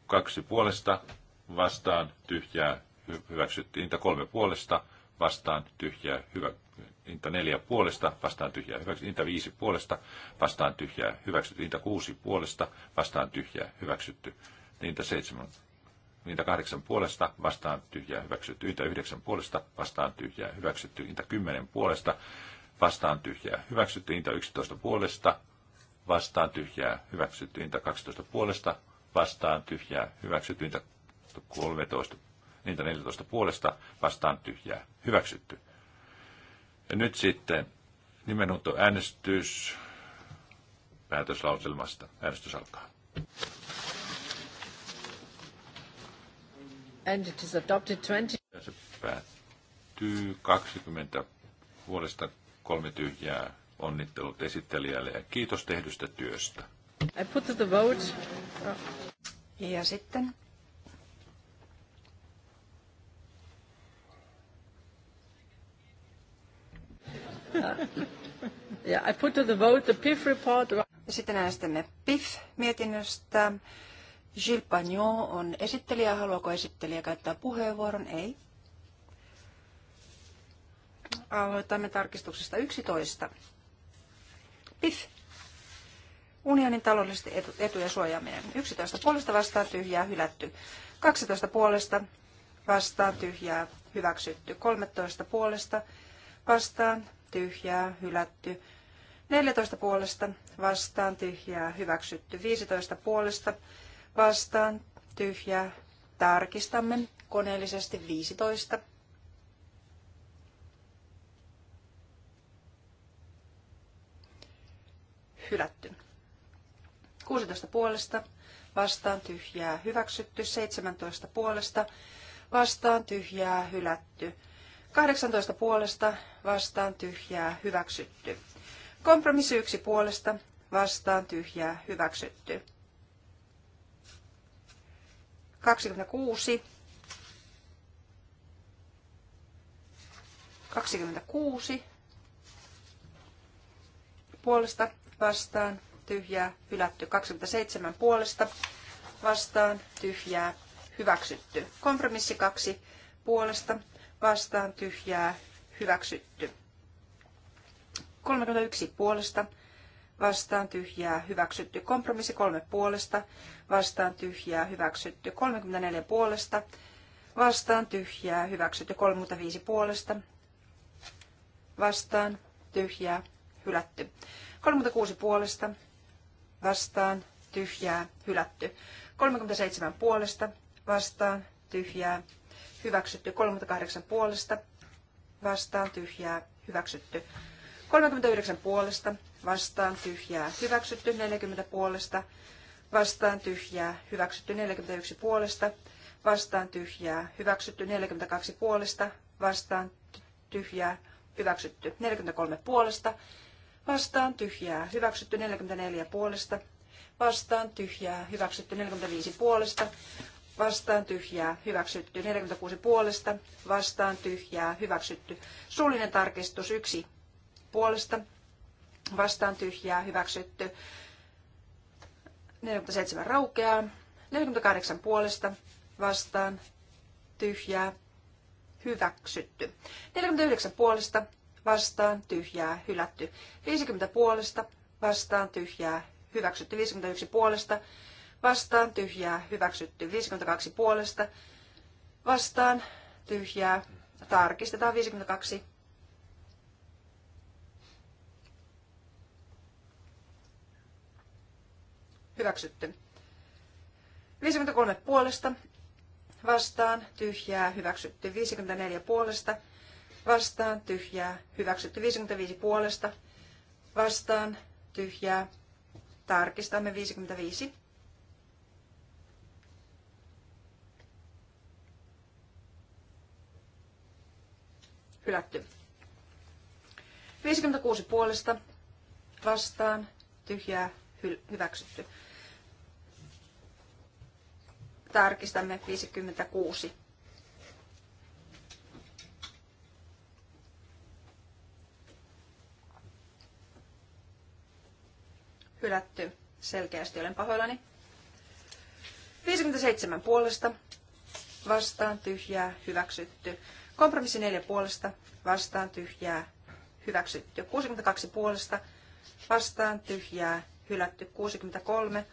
B: kaksi puolesta vastaan tyhjää hyväksytty. Inta kolme puolesta vastaan tyhjää hyvä. Inta neljä puolesta vastaan tyhjää hyväksytty. Inta viisi puolesta vastaan tyhjää hyväksytty. Inta kuusi puolesta vastaan tyhjää hyväksytty. Inta seitsemän inta kahdeksan puolesta vastaan tyhjää hyväksytty, Inta yhdeksän puolesta vastaan tyhjää hyväksytty, Inta kymmenen puolesta vastaan tyhjää hyväksytty, Inta 11 puolesta vastaan tyhjää hyväksytty, Inta 12 puolesta vastaan tyhjää hyväksytty, Inta 13, Inta 14 puolesta vastaan tyhjää hyväksytty. Ja nyt sitten nimenhuuto äänestys päätöslauselmasta. Äänestys alkaa. And it is adopted 20. Ja se päättyy 20 puolesta kolme tyhjää. Onnittelut esittelijälle ja kiitos tehdystä työstä.
C: I put to the vote. Ja sitten uh, Yeah, I put to the vote the PIF report. Ja sitten äänestämme PIF-mietinnöstä. Gilles Pagnon on esittelijä. Haluaako esittelijä käyttää puheenvuoron? Ei. Aloitamme tarkistuksesta 11. PIF. Unionin taloudellisten etujen suojaaminen. 11 puolesta vastaan tyhjää hylätty. 12 puolesta vastaan tyhjää hyväksytty. 13 puolesta vastaan tyhjää hylätty. 14 puolesta vastaan tyhjää hyväksytty. 15 puolesta vastaan tyhjää tarkistamme koneellisesti 15. hylätty. 16 puolesta vastaan tyhjää hyväksytty, 17 puolesta vastaan tyhjää hylätty, 18 puolesta vastaan tyhjää hyväksytty. Kompromissi 1 puolesta vastaan tyhjää hyväksytty. 26 26 puolesta vastaan, tyhjää, hylätty. 27 puolesta vastaan, tyhjää, hyväksytty. Kompromissi 2 puolesta vastaan, tyhjää, hyväksytty. 31 puolesta vastaan tyhjää hyväksytty. Kompromissi 3 puolesta vastaan tyhjää hyväksytty. 34 puolesta vastaan tyhjää hyväksytty. 35 puolesta vastaan tyhjää hylätty. 36 puolesta vastaan tyhjää hylätty. 37 puolesta vastaan tyhjää hyväksytty. 38 puolesta vastaan tyhjää hyväksytty. 39 puolesta vastaan tyhjää hyväksytty. 40 puolesta vastaan tyhjää hyväksytty. 41 puolesta vastaan tyhjää hyväksytty. 42 puolesta vastaan tyhjää hyväksytty. 43 puolesta vastaan tyhjää, hyväksytty 44 puolesta, vastaan tyhjää, hyväksytty 45 puolesta, vastaan tyhjää, hyväksytty 46 puolesta, vastaan tyhjää, hyväksytty suullinen tarkistus 1 puolesta, vastaan tyhjää, hyväksytty 47 raukeaa, 48 puolesta, vastaan tyhjää, hyväksytty. 49 puolesta vastaan tyhjää hylätty. 50 puolesta vastaan tyhjää hyväksytty. 51 puolesta vastaan tyhjää hyväksytty. 52 puolesta vastaan tyhjää tarkistetaan 52 hyväksytty. 53 puolesta vastaan, tyhjää, hyväksytty 54 puolesta, vastaan tyhjää, hyväksytty 55 puolesta, vastaan tyhjää, tarkistamme 55. Hylätty. 56 puolesta, vastaan tyhjää, hyväksytty. Tarkistamme 56. hylätty selkeästi, olen pahoillani. 57 puolesta, vastaan tyhjää, hyväksytty. Kompromissi 4 puolesta, vastaan tyhjää, hyväksytty. 62 puolesta, vastaan tyhjää, hylätty. 63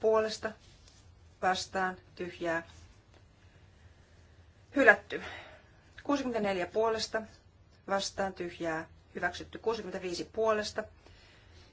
C: puolesta, vastaan tyhjää, hylätty. 64 puolesta, vastaan tyhjää, hyväksytty. 65 puolesta,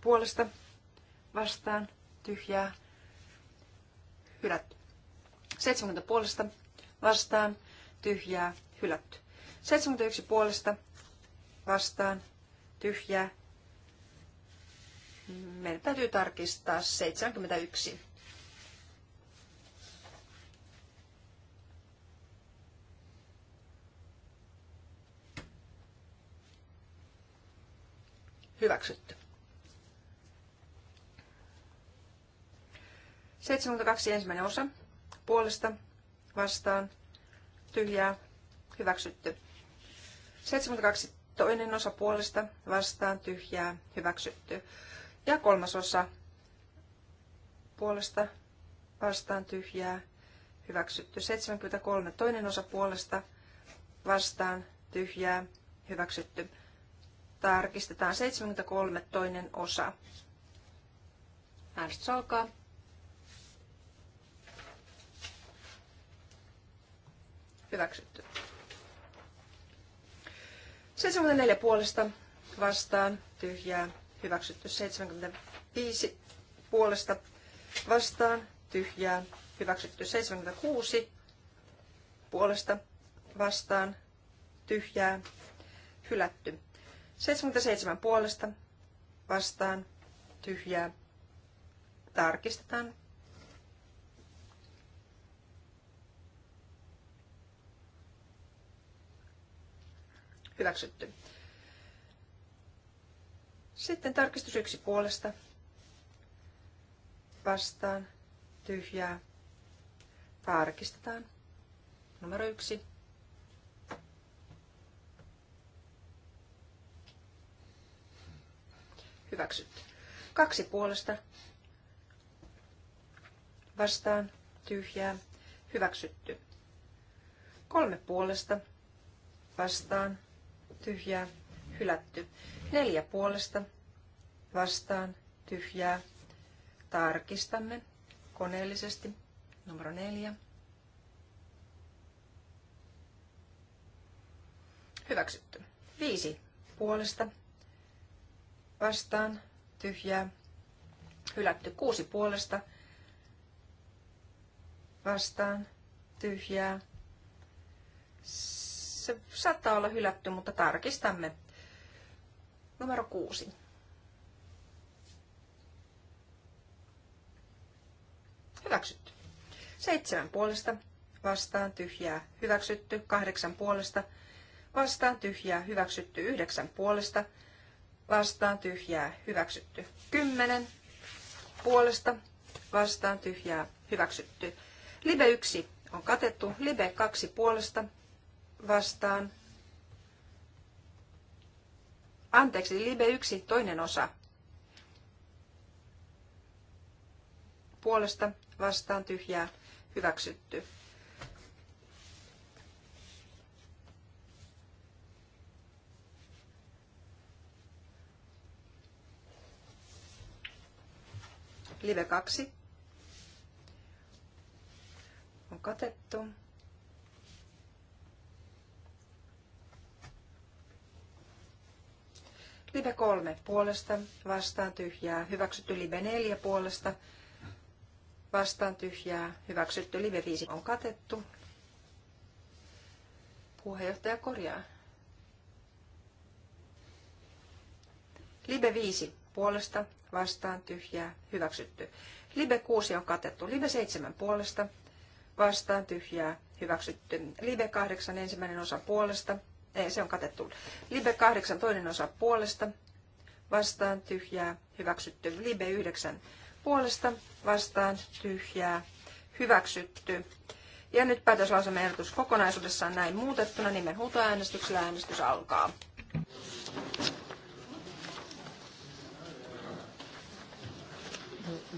C: puolesta vastaan tyhjää hylätty. 70 puolesta vastaan tyhjää hylätty. 71 puolesta vastaan tyhjää. Meidän täytyy tarkistaa 71. Hyväksytty. 72 ensimmäinen osa puolesta vastaan tyhjää hyväksytty. 72 toinen osa puolesta vastaan tyhjää hyväksytty. Ja kolmas osa puolesta vastaan tyhjää hyväksytty. 73 toinen osa puolesta vastaan tyhjää hyväksytty. Tarkistetaan 73 toinen osa. Äänestys alkaa. Hyväksytty. 74 puolesta vastaan tyhjää. Hyväksytty. 75 puolesta vastaan tyhjää. Hyväksytty. 76 puolesta vastaan tyhjää. Hylätty. 77 puolesta vastaan tyhjää. Tarkistetaan hyväksytty. Sitten tarkistus yksi puolesta. Vastaan. Tyhjää. Tarkistetaan. Numero yksi. Hyväksytty. Kaksi puolesta. Vastaan. Tyhjää. Hyväksytty. Kolme puolesta. Vastaan tyhjää, hylätty. Neljä puolesta, vastaan, tyhjää. Tarkistamme koneellisesti. Numero neljä. Hyväksytty. Viisi puolesta, vastaan, tyhjää. Hylätty kuusi puolesta, vastaan, tyhjää se saattaa olla hylätty, mutta tarkistamme. Numero kuusi. Hyväksytty. Seitsemän puolesta vastaan tyhjää hyväksytty. Kahdeksan puolesta vastaan tyhjää hyväksytty. Yhdeksän puolesta vastaan tyhjää hyväksytty. Kymmenen puolesta vastaan tyhjää hyväksytty. Live 1 on katettu, live 2 puolesta vastaan. Anteeksi, Libe 1, toinen osa. Puolesta vastaan tyhjää hyväksytty. Live 2 on katettu. Live 3 puolesta, vastaan tyhjää, hyväksytty Live 4 puolesta, vastaan tyhjää, hyväksytty Live 5 on katettu. Puheenjohtaja korjaa. Live 5 puolesta, vastaan tyhjää, hyväksytty. Live 6 on katettu. Live 7 puolesta, vastaan tyhjää, hyväksytty. Live 8 ensimmäinen osa puolesta, se on katettu. Libe 8 toinen osa puolesta vastaan tyhjää hyväksytty. Libe 9 puolesta vastaan tyhjää hyväksytty. Ja nyt päätöslausamme ehdotus kokonaisuudessaan näin muutettuna nimen äänestyksellä äänestys alkaa.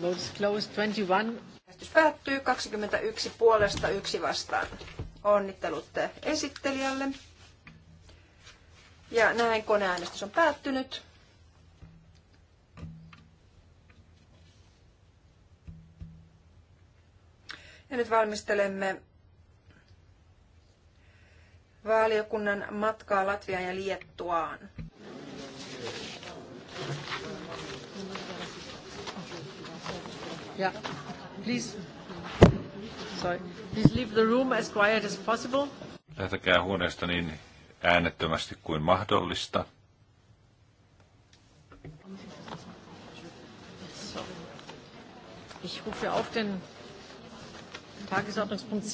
C: Votes 21. Äänestys päättyy 21 puolesta yksi vastaan. Onnittelut esittelijälle. Ja näin koneäänestys on päättynyt. Ja nyt valmistelemme vaaliokunnan matkaa Latviaan ja Liettuaan.
A: Yeah. Please. Sorry. Please leave the room as quiet as possible.
B: Lähtäkää huoneesta niin äänettömästi kuin mahdollista.
A: Ich rufe auf den Tagesordnungspunkt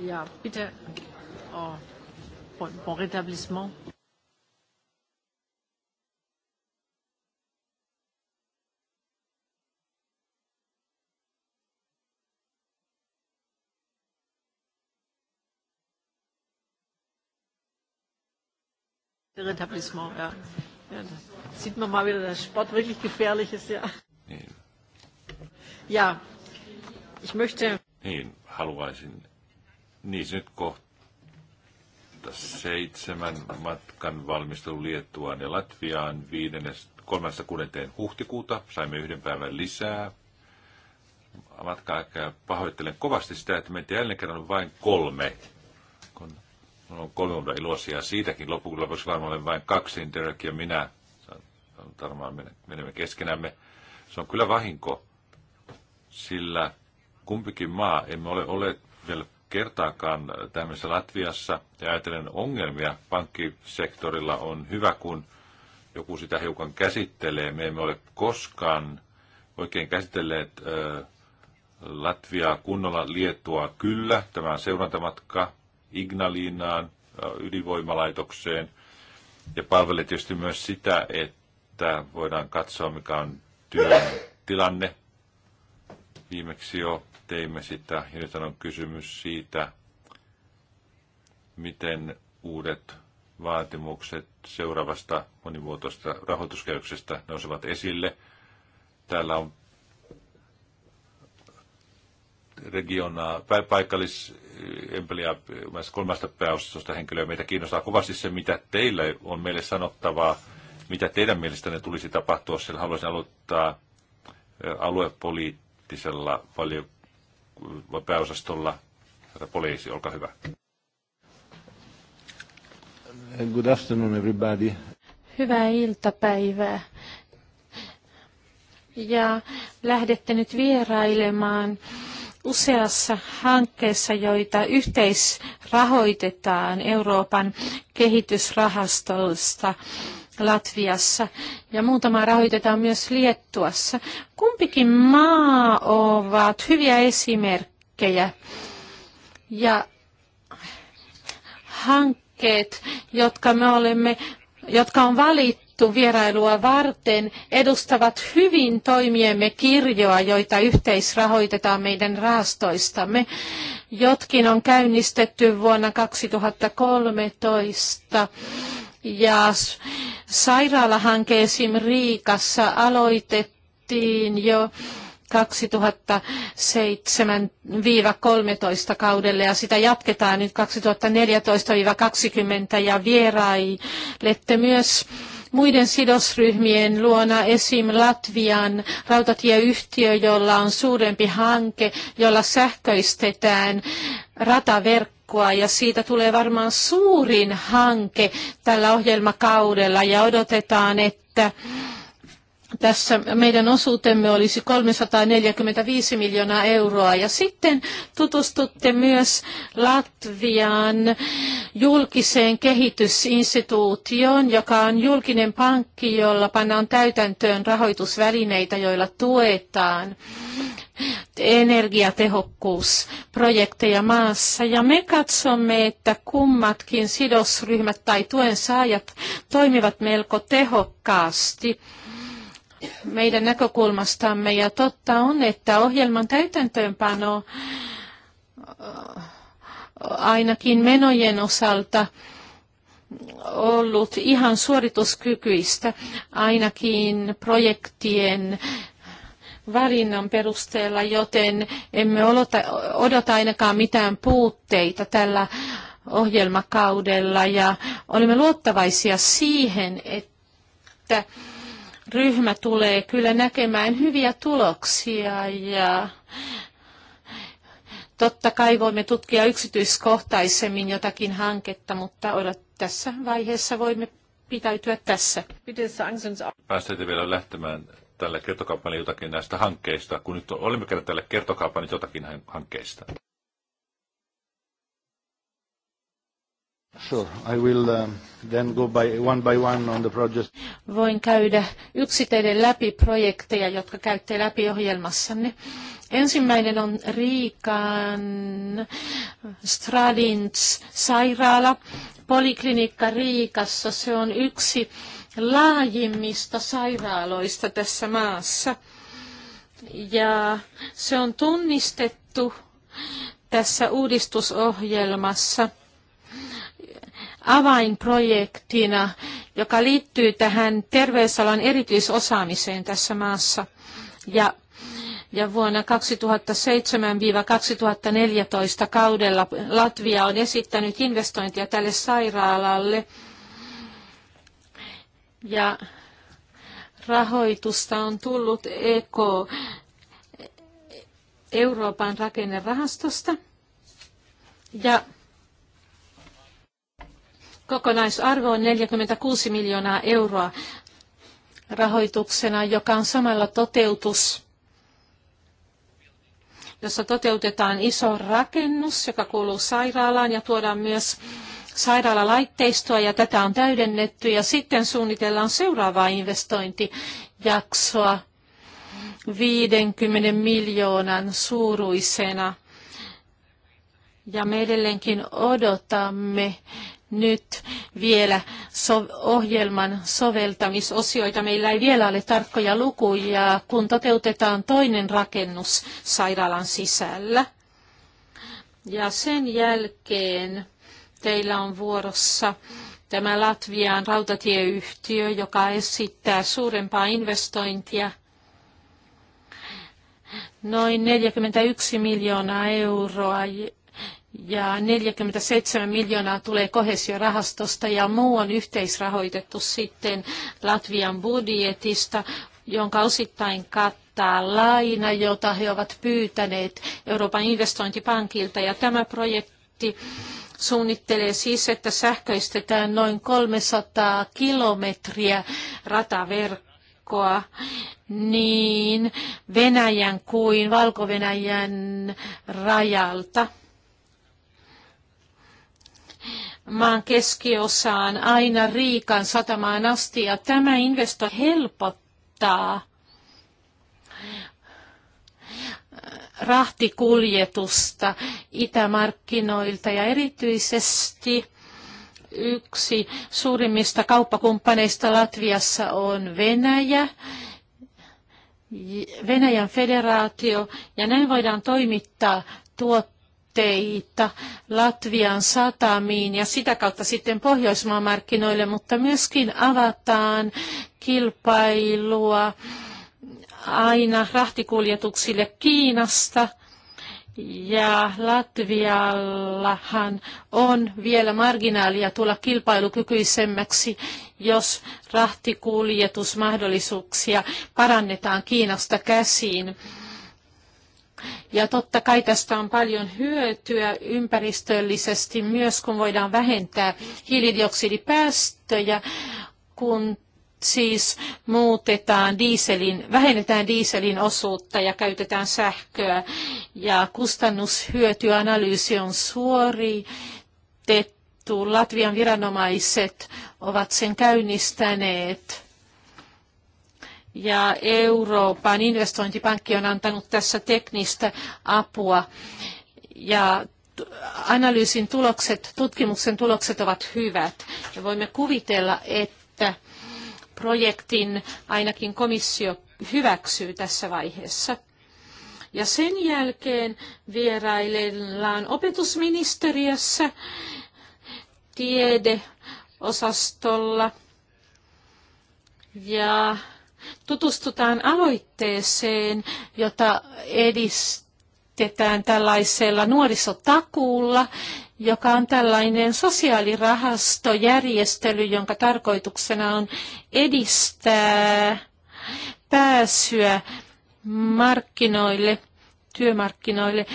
A: Ja, bitte. Oh, bon, bon rétablissement. Rétablissement, ja. ja da sieht man mal wieder, dass Sport wirklich gefährlich ist, ja. Niin. Ja, ich möchte...
B: Niin, haluaisin niin, se nyt kohta seitsemän matkan valmistelu Liettuaan ja Latviaan 3.6. huhtikuuta. Saimme yhden päivän lisää matkaa aikaa pahoittelen kovasti sitä, että meitä jälleen kerran vain kolme. Kun on kolme on iloisia siitäkin. Lopuksi voisi varmaan olen vain kaksi, niin Derek ja minä. Varmaan menemme keskenämme. Se on kyllä vahinko, sillä kumpikin maa emme ole olleet vielä kertaakaan tämmöisessä Latviassa ja ajatellen ongelmia pankkisektorilla on hyvä, kun joku sitä hiukan käsittelee. Me emme ole koskaan oikein käsitelleet ö, Latviaa kunnolla lietua kyllä. Tämä on seurantamatka Ignalinaan, ydinvoimalaitokseen. Ja palvelee tietysti myös sitä, että voidaan katsoa, mikä on työn tilanne. Viimeksi jo teimme sitä. Ja nyt on kysymys siitä, miten uudet vaatimukset seuraavasta monimuotoista rahoituskehyksestä nousevat esille. Täällä on regionaa, paikallis empelia, kolmasta pääosasta henkilöä. Meitä kiinnostaa kovasti se, mitä teillä on meille sanottavaa, mitä teidän mielestänne tulisi tapahtua. Siellä haluaisin aloittaa aluepoliittisella valiokunnalla pääosastolla. Poliisi, olkaa hyvä. Good afternoon everybody.
A: Hyvää iltapäivää. Ja lähdette nyt vierailemaan useassa hankkeessa, joita yhteisrahoitetaan Euroopan kehitysrahastosta. Latviassa ja muutama rahoitetaan myös Liettuassa. Kumpikin maa ovat hyviä esimerkkejä ja hankkeet, jotka me olemme, jotka on valittu, vierailua varten edustavat hyvin toimiemme kirjoa, joita yhteisrahoitetaan meidän rahastoistamme. Jotkin on käynnistetty vuonna 2013 ja sairaalahanke esim. Riikassa aloitettiin jo 2007 2013 kaudelle ja sitä jatketaan nyt 2014-20 ja vierailette myös muiden sidosryhmien luona esim. Latvian rautatieyhtiö, jolla on suurempi hanke, jolla sähköistetään rataverkko jatkoa ja siitä tulee varmaan suurin hanke tällä ohjelmakaudella ja odotetaan, että että tässä meidän osuutemme olisi 345 miljoonaa euroa. Ja sitten tutustutte myös Latvian julkiseen kehitysinstituutioon, joka on julkinen pankki, jolla pannaan täytäntöön rahoitusvälineitä, joilla tuetaan energiatehokkuusprojekteja maassa. Ja me katsomme, että kummatkin sidosryhmät tai tuen saajat toimivat melko tehokkaasti meidän näkökulmastamme. Ja totta on, että ohjelman täytäntöönpano äh, ainakin menojen osalta ollut ihan suorituskykyistä, ainakin projektien valinnan perusteella, joten emme odota, odota ainakaan mitään puutteita tällä ohjelmakaudella ja olemme luottavaisia siihen, että ryhmä tulee kyllä näkemään hyviä tuloksia ja totta kai voimme tutkia yksityiskohtaisemmin jotakin hanketta, mutta odot, tässä vaiheessa voimme pitäytyä tässä.
B: Päästette vielä lähtemään tälle kertokaapalle jotakin näistä hankkeista, kun nyt olemme kerran tälle kertokaapalle jotakin hankkeista.
A: Sure. I will um,
B: then go by one by one on the project.
A: Voin käydä yksitellen läpi projekteja, jotka käytte läpi ohjelmassanne. Ensimmäinen on Riikan Stradins sairaala, poliklinikka Riikassa. Se on yksi laajimmista sairaaloista tässä maassa. Ja se on tunnistettu tässä uudistusohjelmassa – avainprojektina, joka liittyy tähän terveysalan erityisosaamiseen tässä maassa. Ja ja vuonna 2007-2014 kaudella Latvia on esittänyt investointia tälle sairaalalle. Ja rahoitusta on tullut EK Euroopan rakennerahastosta. Ja Kokonaisarvo on 46 miljoonaa euroa rahoituksena, joka on samalla toteutus, jossa toteutetaan iso rakennus, joka kuuluu sairaalaan ja tuodaan myös sairaalalaitteistoa ja tätä on täydennetty ja sitten suunnitellaan seuraavaa investointijaksoa 50 miljoonan suuruisena. Ja me edelleenkin odotamme nyt vielä so- ohjelman soveltamisosioita. Meillä ei vielä ole tarkkoja lukuja, kun toteutetaan toinen rakennus sairaalan sisällä. Ja sen jälkeen teillä on vuorossa tämä Latvian rautatieyhtiö, joka esittää suurempaa investointia noin 41 miljoonaa euroa ja 47 miljoonaa tulee kohesiorahastosta ja muu on yhteisrahoitettu sitten Latvian budjetista, jonka osittain kattaa laina, jota he ovat pyytäneet Euroopan investointipankilta. Ja tämä projekti suunnittelee siis, että sähköistetään noin 300 kilometriä rataverkkoa niin Venäjän kuin Valko-Venäjän rajalta maan keskiosaan aina Riikan satamaan asti ja tämä investo helpottaa rahtikuljetusta itämarkkinoilta ja erityisesti yksi suurimmista kauppakumppaneista Latviassa on Venäjä, Venäjän federaatio ja näin voidaan toimittaa tuotteita tuotteita Latvian satamiin ja sitä kautta sitten Pohjoismaan markkinoille, mutta myöskin avataan kilpailua aina rahtikuljetuksille Kiinasta. Ja Latviallahan on vielä marginaalia tulla kilpailukykyisemmäksi, jos rahtikuljetusmahdollisuuksia parannetaan Kiinasta käsiin ja totta kai tästä on paljon hyötyä ympäristöllisesti myös, kun voidaan vähentää hiilidioksidipäästöjä, kun siis muutetaan dieselin, vähennetään dieselin osuutta ja käytetään sähköä. Ja kustannushyötyanalyysi on suoritettu. Latvian viranomaiset ovat sen käynnistäneet ja Euroopan investointipankki on antanut tässä teknistä apua. Ja analyysin tulokset, tutkimuksen tulokset ovat hyvät. Ja voimme kuvitella, että projektin ainakin komissio hyväksyy tässä vaiheessa. Ja sen jälkeen vieraillaan opetusministeriössä tiedeosastolla ja tutustutaan aloitteeseen, jota edistetään tällaisella nuorisotakuulla, joka on tällainen sosiaalirahastojärjestely, jonka tarkoituksena on edistää pääsyä markkinoille, työmarkkinoille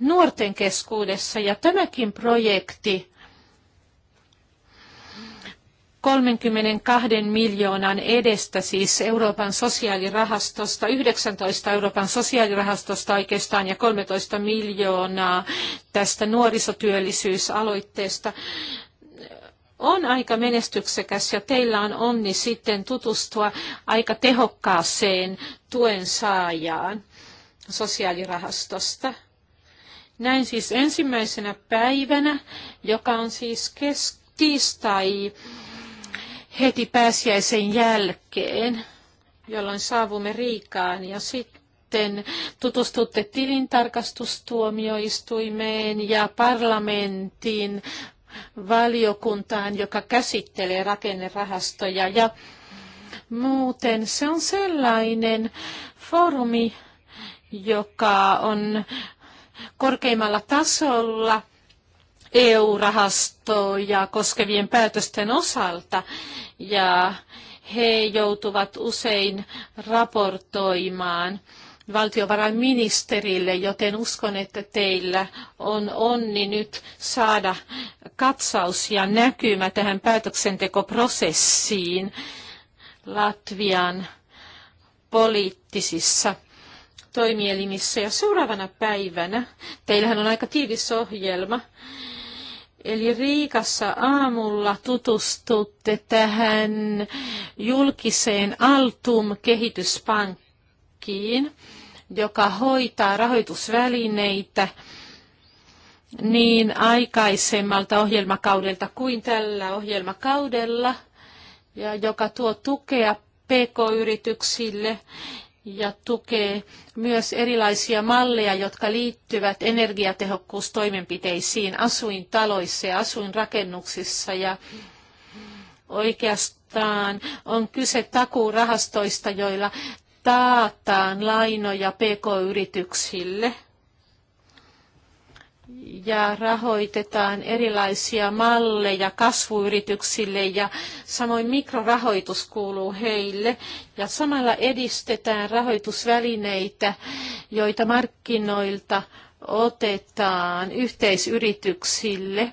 A: nuorten keskuudessa. Ja tämäkin projekti 32 miljoonan edestä, siis Euroopan sosiaalirahastosta, 19 Euroopan sosiaalirahastosta oikeastaan ja 13 miljoonaa tästä nuorisotyöllisyysaloitteesta on aika menestyksekäs ja teillä on onni sitten tutustua aika tehokkaaseen tuen saajaan sosiaalirahastosta. Näin siis ensimmäisenä päivänä, joka on siis kes- tiistai heti pääsiäisen jälkeen, jolloin saavumme Riikaan ja sitten tutustutte tilintarkastustuomioistuimeen ja parlamentin valiokuntaan, joka käsittelee rakennerahastoja. Ja muuten se on sellainen foorumi, joka on korkeimmalla tasolla – EU-rahastoja koskevien päätösten osalta. Ja he joutuvat usein raportoimaan valtiovarainministerille, joten uskon, että teillä on onni nyt saada katsaus ja näkymä tähän päätöksentekoprosessiin Latvian poliittisissa toimielimissä. Ja seuraavana päivänä, teillähän on aika tiivis ohjelma, Eli Riikassa aamulla tutustutte tähän julkiseen Altum-kehityspankkiin, joka hoitaa rahoitusvälineitä niin aikaisemmalta ohjelmakaudelta kuin tällä ohjelmakaudella, ja joka tuo tukea pk-yrityksille ja tukee myös erilaisia malleja, jotka liittyvät energiatehokkuustoimenpiteisiin asuintaloissa ja asuinrakennuksissa. Ja oikeastaan on kyse takuurahastoista, joilla taataan lainoja pk-yrityksille – ja rahoitetaan erilaisia malleja kasvuyrityksille ja samoin mikrorahoitus kuuluu heille ja samalla edistetään rahoitusvälineitä, joita markkinoilta otetaan yhteisyrityksille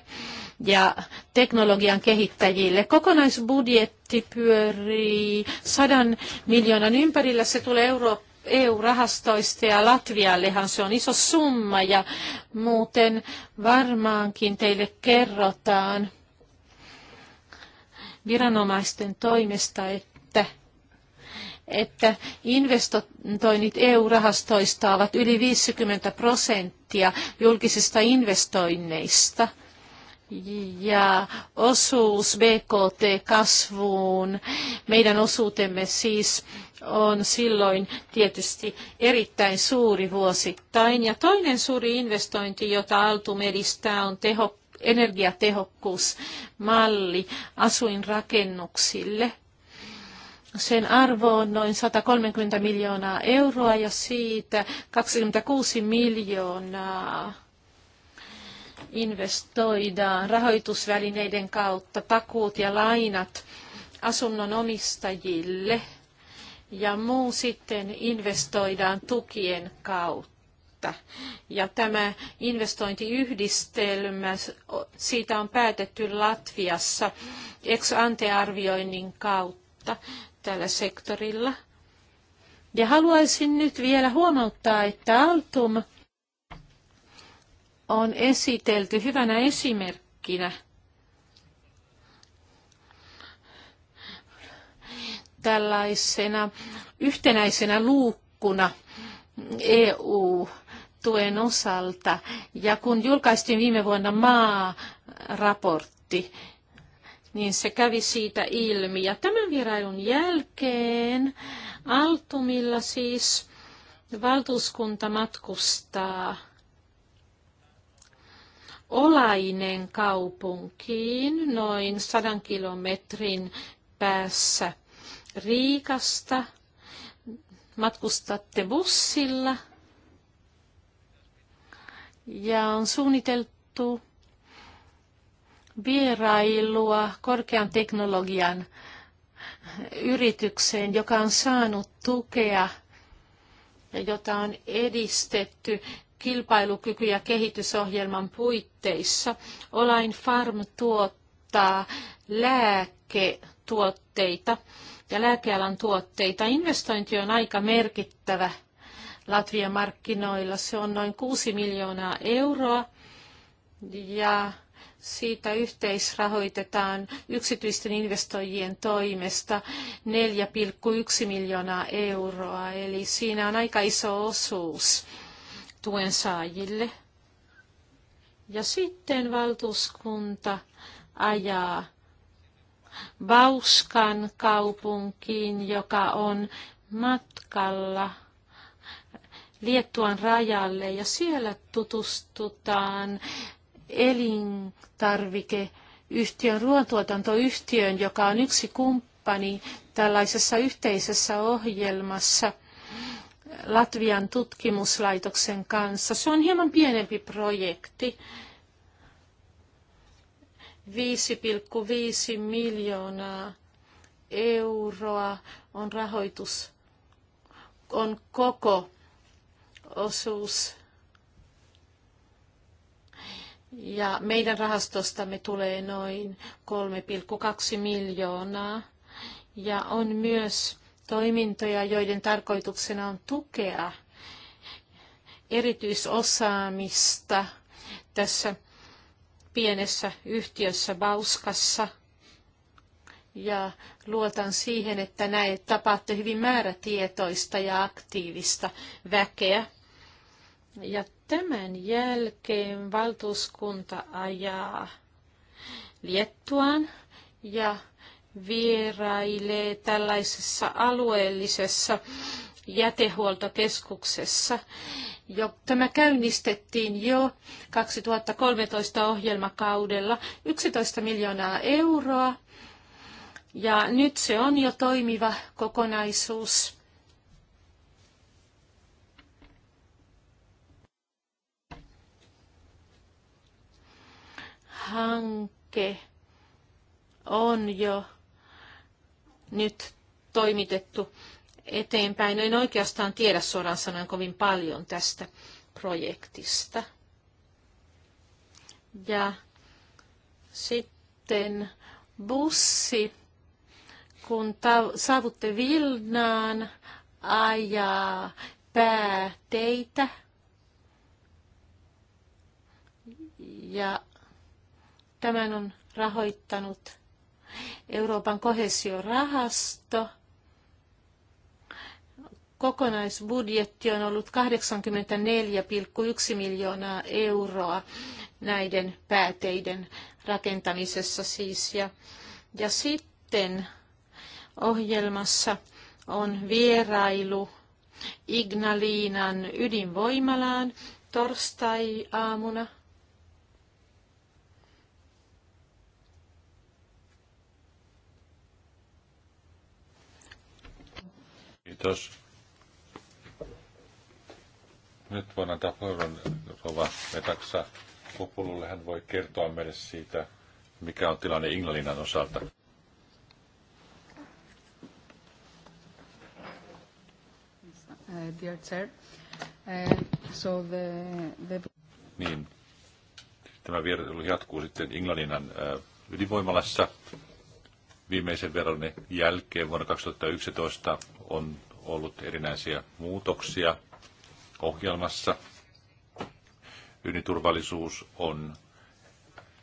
A: ja teknologian kehittäjille. Kokonaisbudjetti pyörii sadan miljoonan ympärillä. Se tulee Eurooppaan EU-rahastoista ja Latviallehan se on iso summa ja muuten varmaankin teille kerrotaan viranomaisten toimesta, että että investoinnit EU-rahastoista ovat yli 50 prosenttia julkisista investoinneista – ja osuus BKT-kasvuun, meidän osuutemme siis on silloin tietysti erittäin suuri vuosittain. Ja toinen suuri investointi, jota Altum edistää, on teho, energiatehokkuusmalli asuinrakennuksille. Sen arvo on noin 130 miljoonaa euroa ja siitä 26 miljoonaa investoidaan rahoitusvälineiden kautta takuut ja lainat asunnon omistajille ja muu sitten investoidaan tukien kautta. Ja tämä investointiyhdistelmä, siitä on päätetty Latviassa ex antearvioinnin kautta tällä sektorilla. Ja haluaisin nyt vielä huomauttaa, että Altum on esitelty hyvänä esimerkkinä tällaisena yhtenäisenä luukkuna EU-tuen osalta. Ja kun julkaistiin viime vuonna maaraportti, niin se kävi siitä ilmi. Ja tämän virailun jälkeen Altumilla siis valtuuskunta matkustaa Olainen kaupunkiin noin sadan kilometrin päässä Riikasta. Matkustatte bussilla ja on suunniteltu vierailua korkean teknologian yritykseen, joka on saanut tukea ja jota on edistetty kilpailukyky- ja kehitysohjelman puitteissa Olain Farm tuottaa lääketuotteita ja lääkealan tuotteita. Investointi on aika merkittävä Latvian markkinoilla. Se on noin 6 miljoonaa euroa ja siitä yhteisrahoitetaan yksityisten investoijien toimesta 4,1 miljoonaa euroa, eli siinä on aika iso osuus tuen saajille. Ja sitten valtuuskunta ajaa Bauskan kaupunkiin, joka on matkalla Liettuan rajalle ja siellä tutustutaan elintarvikeyhtiön, ruoantuotantoyhtiön, joka on yksi kumppani tällaisessa yhteisessä ohjelmassa – Latvian tutkimuslaitoksen kanssa. Se on hieman pienempi projekti. 5,5 miljoonaa euroa on rahoitus, on koko osuus. Ja meidän rahastostamme tulee noin 3,2 miljoonaa. Ja on myös toimintoja, joiden tarkoituksena on tukea erityisosaamista tässä pienessä yhtiössä Bauskassa. Ja luotan siihen, että näet tapaatte hyvin määrätietoista ja aktiivista väkeä. Ja tämän jälkeen valtuuskunta ajaa Liettuaan ja vierailee tällaisessa alueellisessa jätehuoltokeskuksessa. Jo, tämä käynnistettiin jo 2013 ohjelmakaudella 11 miljoonaa euroa ja nyt se on jo toimiva kokonaisuus. Hanke on jo nyt toimitettu eteenpäin. No en oikeastaan tiedä suoraan sanoen kovin paljon tästä projektista. Ja sitten bussi, kun ta- saavutte Vilnaan, ajaa pääteitä ja tämän on rahoittanut Euroopan kohesiorahasto. Kokonaisbudjetti on ollut 84,1 miljoonaa euroa näiden pääteiden rakentamisessa siis. Ja, ja sitten ohjelmassa on vierailu Ignaliinan ydinvoimalaan torstai-aamuna
B: Kiitos. Nyt voin antaa puheenvuoron Rova Metaksa Kupululle Hän voi kertoa meille siitä, mikä on tilanne Englannin osalta.
A: Uh, dear chair. Uh, so the, the... Niin.
B: Tämä vierailu jatkuu sitten Englannin uh, ydinvoimalassa viimeisen veronne jälkeen vuonna 2011 on ollut erinäisiä muutoksia ohjelmassa. Ydinturvallisuus on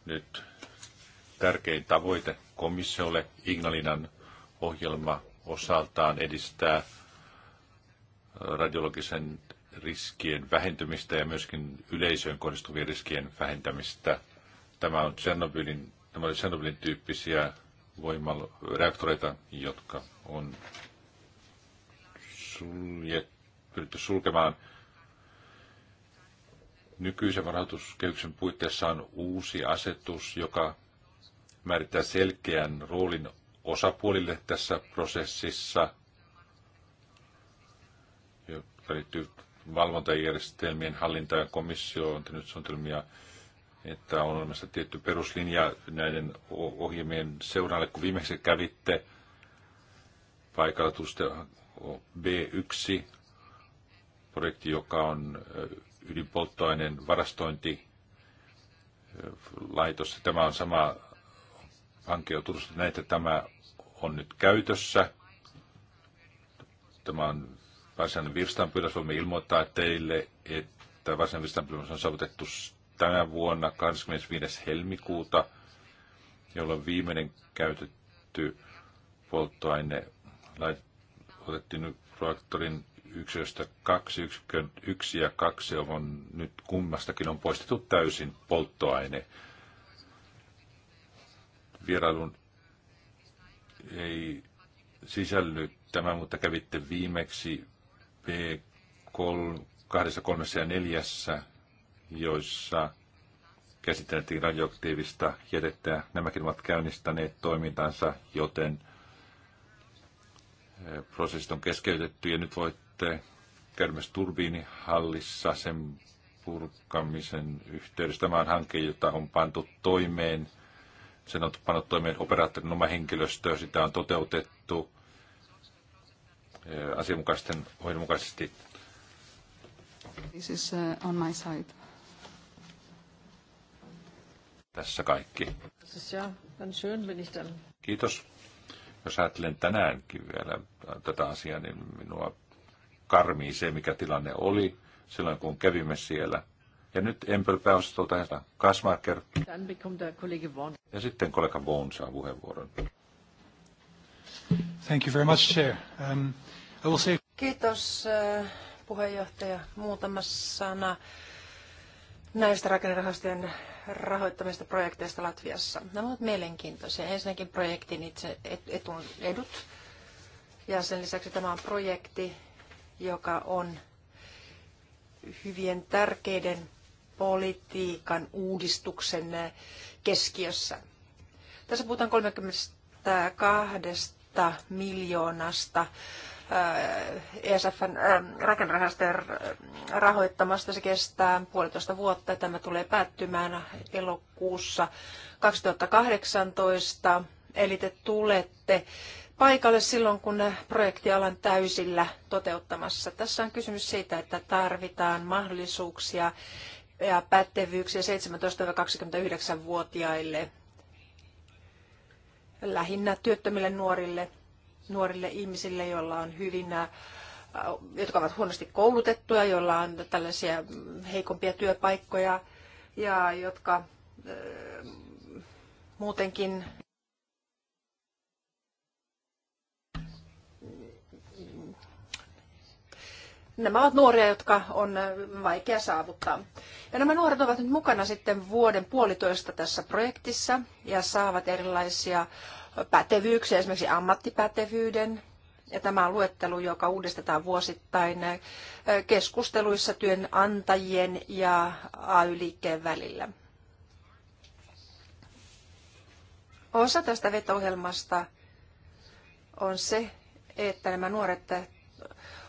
B: nyt tärkein tavoite komissiolle. Ignalinan ohjelma osaltaan edistää radiologisen riskien vähentymistä ja myöskin yleisöön kohdistuvien riskien vähentämistä. Tämä on Tsernobylin, tämä oli Tsernobylin tyyppisiä voimareaktoreita, reaktoreita, jotka on suljet, pyritty sulkemaan. Nykyisen varautuskehyksen puitteissa on uusi asetus, joka määrittää selkeän roolin osapuolille tässä prosessissa, joka liittyy valvontajärjestelmien hallintaan ja komissio on tehnyt suunnitelmia että on olemassa tietty peruslinja näiden ohjelmien seuraalle. Kun viimeksi kävitte paikalla B1, projekti, joka on ydinpolttoaineen varastointilaitos. Tämä on sama hanke on että tämä on nyt käytössä. Tämä on varsinainen virstanpylväs. Voimme ilmoittaa teille, että varsinainen virstanpylväs on saavutettu tänä vuonna 25. helmikuuta, jolloin viimeinen käytetty polttoaine otettiin reaktorin yksiköstä kaksi, yksikön yksi ja kaksi on nyt kummastakin on poistettu täysin polttoaine. Vierailun ei sisälly tämä, mutta kävitte viimeksi B3, kahdessa, kolmessa ja neljässä joissa käsiteltiin radioaktiivista jätettä. Nämäkin ovat käynnistäneet toimintansa, joten eh, prosessit on keskeytetty ja nyt voitte käydä myös turbiinihallissa sen purkamisen yhteydessä. Tämä on hanke, jota on pantu toimeen. Sen on pannut toimeen operaattorin oma henkilöstö. Sitä on toteutettu eh, asianmukaisten ohjelmukaisesti.
A: This is eh, on my side.
B: Tässä kaikki. Kiitos. Jos ajattelen tänäänkin vielä tätä asiaa, niin minua karmii se, mikä tilanne oli silloin, kun kävimme siellä. Ja nyt Empel pääosastolta ja Kasmarker. Ja sitten kollega Vaughan saa puheenvuoron.
A: Thank you very much, Chair. Um, I will say...
C: Kiitos eh, puheenjohtaja. Muutama sana näistä rakennerahastojen rahoittamista projekteista Latviassa. Nämä ovat mielenkiintoisia. Ensinnäkin projektin itse etun edut. Ja sen lisäksi tämä on projekti, joka on hyvien tärkeiden politiikan uudistuksen keskiössä. Tässä puhutaan 32 miljoonasta ESFn ähm, rakennerahastojen rahoittamasta. Se kestää puolitoista vuotta. Tämä tulee päättymään elokuussa 2018. Eli te tulette paikalle silloin, kun projekti alan täysillä toteuttamassa. Tässä on kysymys siitä, että tarvitaan mahdollisuuksia ja pätevyyksiä 17-29-vuotiaille, lähinnä työttömille nuorille – nuorille ihmisille, joilla on hyvin jotka ovat huonosti koulutettuja, joilla on tällaisia heikompia työpaikkoja ja jotka muutenkin nämä ovat nuoria, jotka on vaikea saavuttaa. Ja nämä nuoret ovat nyt mukana sitten vuoden puolitoista tässä projektissa ja saavat erilaisia pätevyyksiä, esimerkiksi ammattipätevyyden. Ja tämä on luettelu, joka uudistetaan vuosittain keskusteluissa työnantajien ja AY-liikkeen välillä. Osa tästä vetohjelmasta on se, että nämä nuoret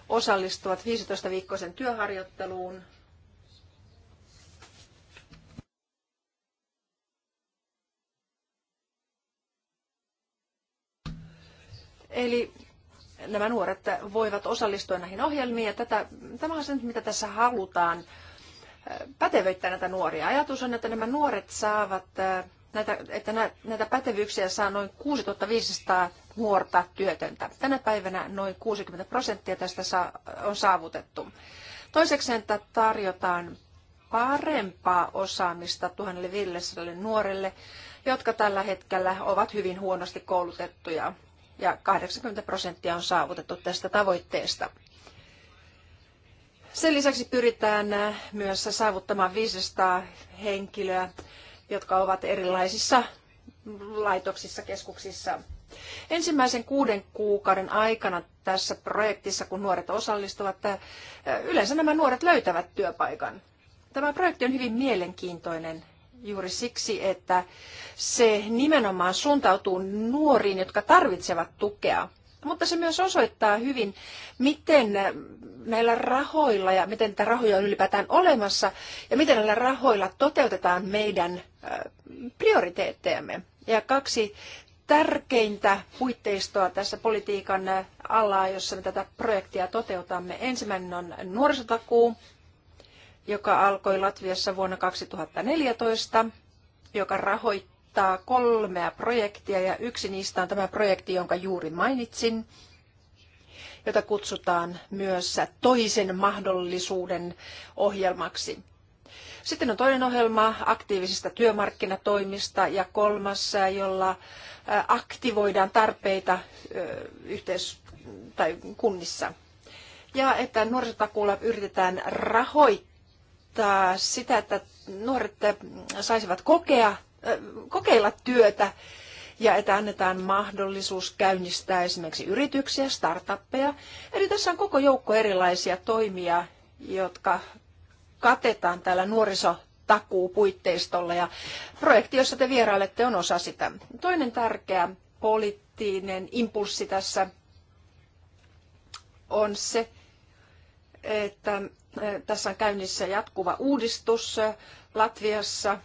C: osallistuvat 15-viikkoisen työharjoitteluun Eli nämä nuoret voivat osallistua näihin ohjelmiin ja tätä, tämä on se, mitä tässä halutaan äh, pätevöittää näitä nuoria. Ajatus on, että nämä nuoret saavat, äh, näitä, että näitä pätevyyksiä saa noin 6500 nuorta työtöntä. Tänä päivänä noin 60 prosenttia tästä on saavutettu. Toiseksi, että tarjotaan parempaa osaamista 1500 nuorelle, jotka tällä hetkellä ovat hyvin huonosti koulutettuja ja 80 prosenttia on saavutettu tästä tavoitteesta. Sen lisäksi pyritään äh, myös saavuttamaan 500 henkilöä, jotka ovat erilaisissa laitoksissa, keskuksissa. Ensimmäisen kuuden kuukauden aikana tässä projektissa, kun nuoret osallistuvat, äh, yleensä nämä nuoret löytävät työpaikan. Tämä projekti on hyvin mielenkiintoinen juuri siksi, että se nimenomaan suuntautuu nuoriin, jotka tarvitsevat tukea. Mutta se myös osoittaa hyvin, miten näillä rahoilla ja miten niitä rahoja on ylipäätään olemassa ja miten näillä rahoilla toteutetaan meidän prioriteettejamme. Ja kaksi tärkeintä puitteistoa tässä politiikan alaa, jossa me tätä projektia toteutamme. Ensimmäinen on nuorisotakuu, joka alkoi Latviassa vuonna 2014, joka rahoittaa kolmea projektia ja yksi niistä on tämä projekti, jonka juuri mainitsin, jota kutsutaan myös toisen mahdollisuuden ohjelmaksi. Sitten on toinen ohjelma aktiivisista työmarkkinatoimista ja kolmas, jolla aktivoidaan tarpeita yhteis- tai kunnissa. Ja että nuorisotakuulla yritetään rahoittaa tarkoittaa sitä, että nuoret äh, saisivat kokea, äh, kokeilla työtä ja että annetaan mahdollisuus käynnistää esimerkiksi yrityksiä, startuppeja. Eli tässä on koko joukko erilaisia toimia, jotka katetaan täällä nuorisotakuupuitteistolla ja projekti, jossa te vierailette, on osa sitä. Toinen tärkeä poliittinen impulssi tässä on se, että tässä on käynnissä jatkuva uudistus Latviassa.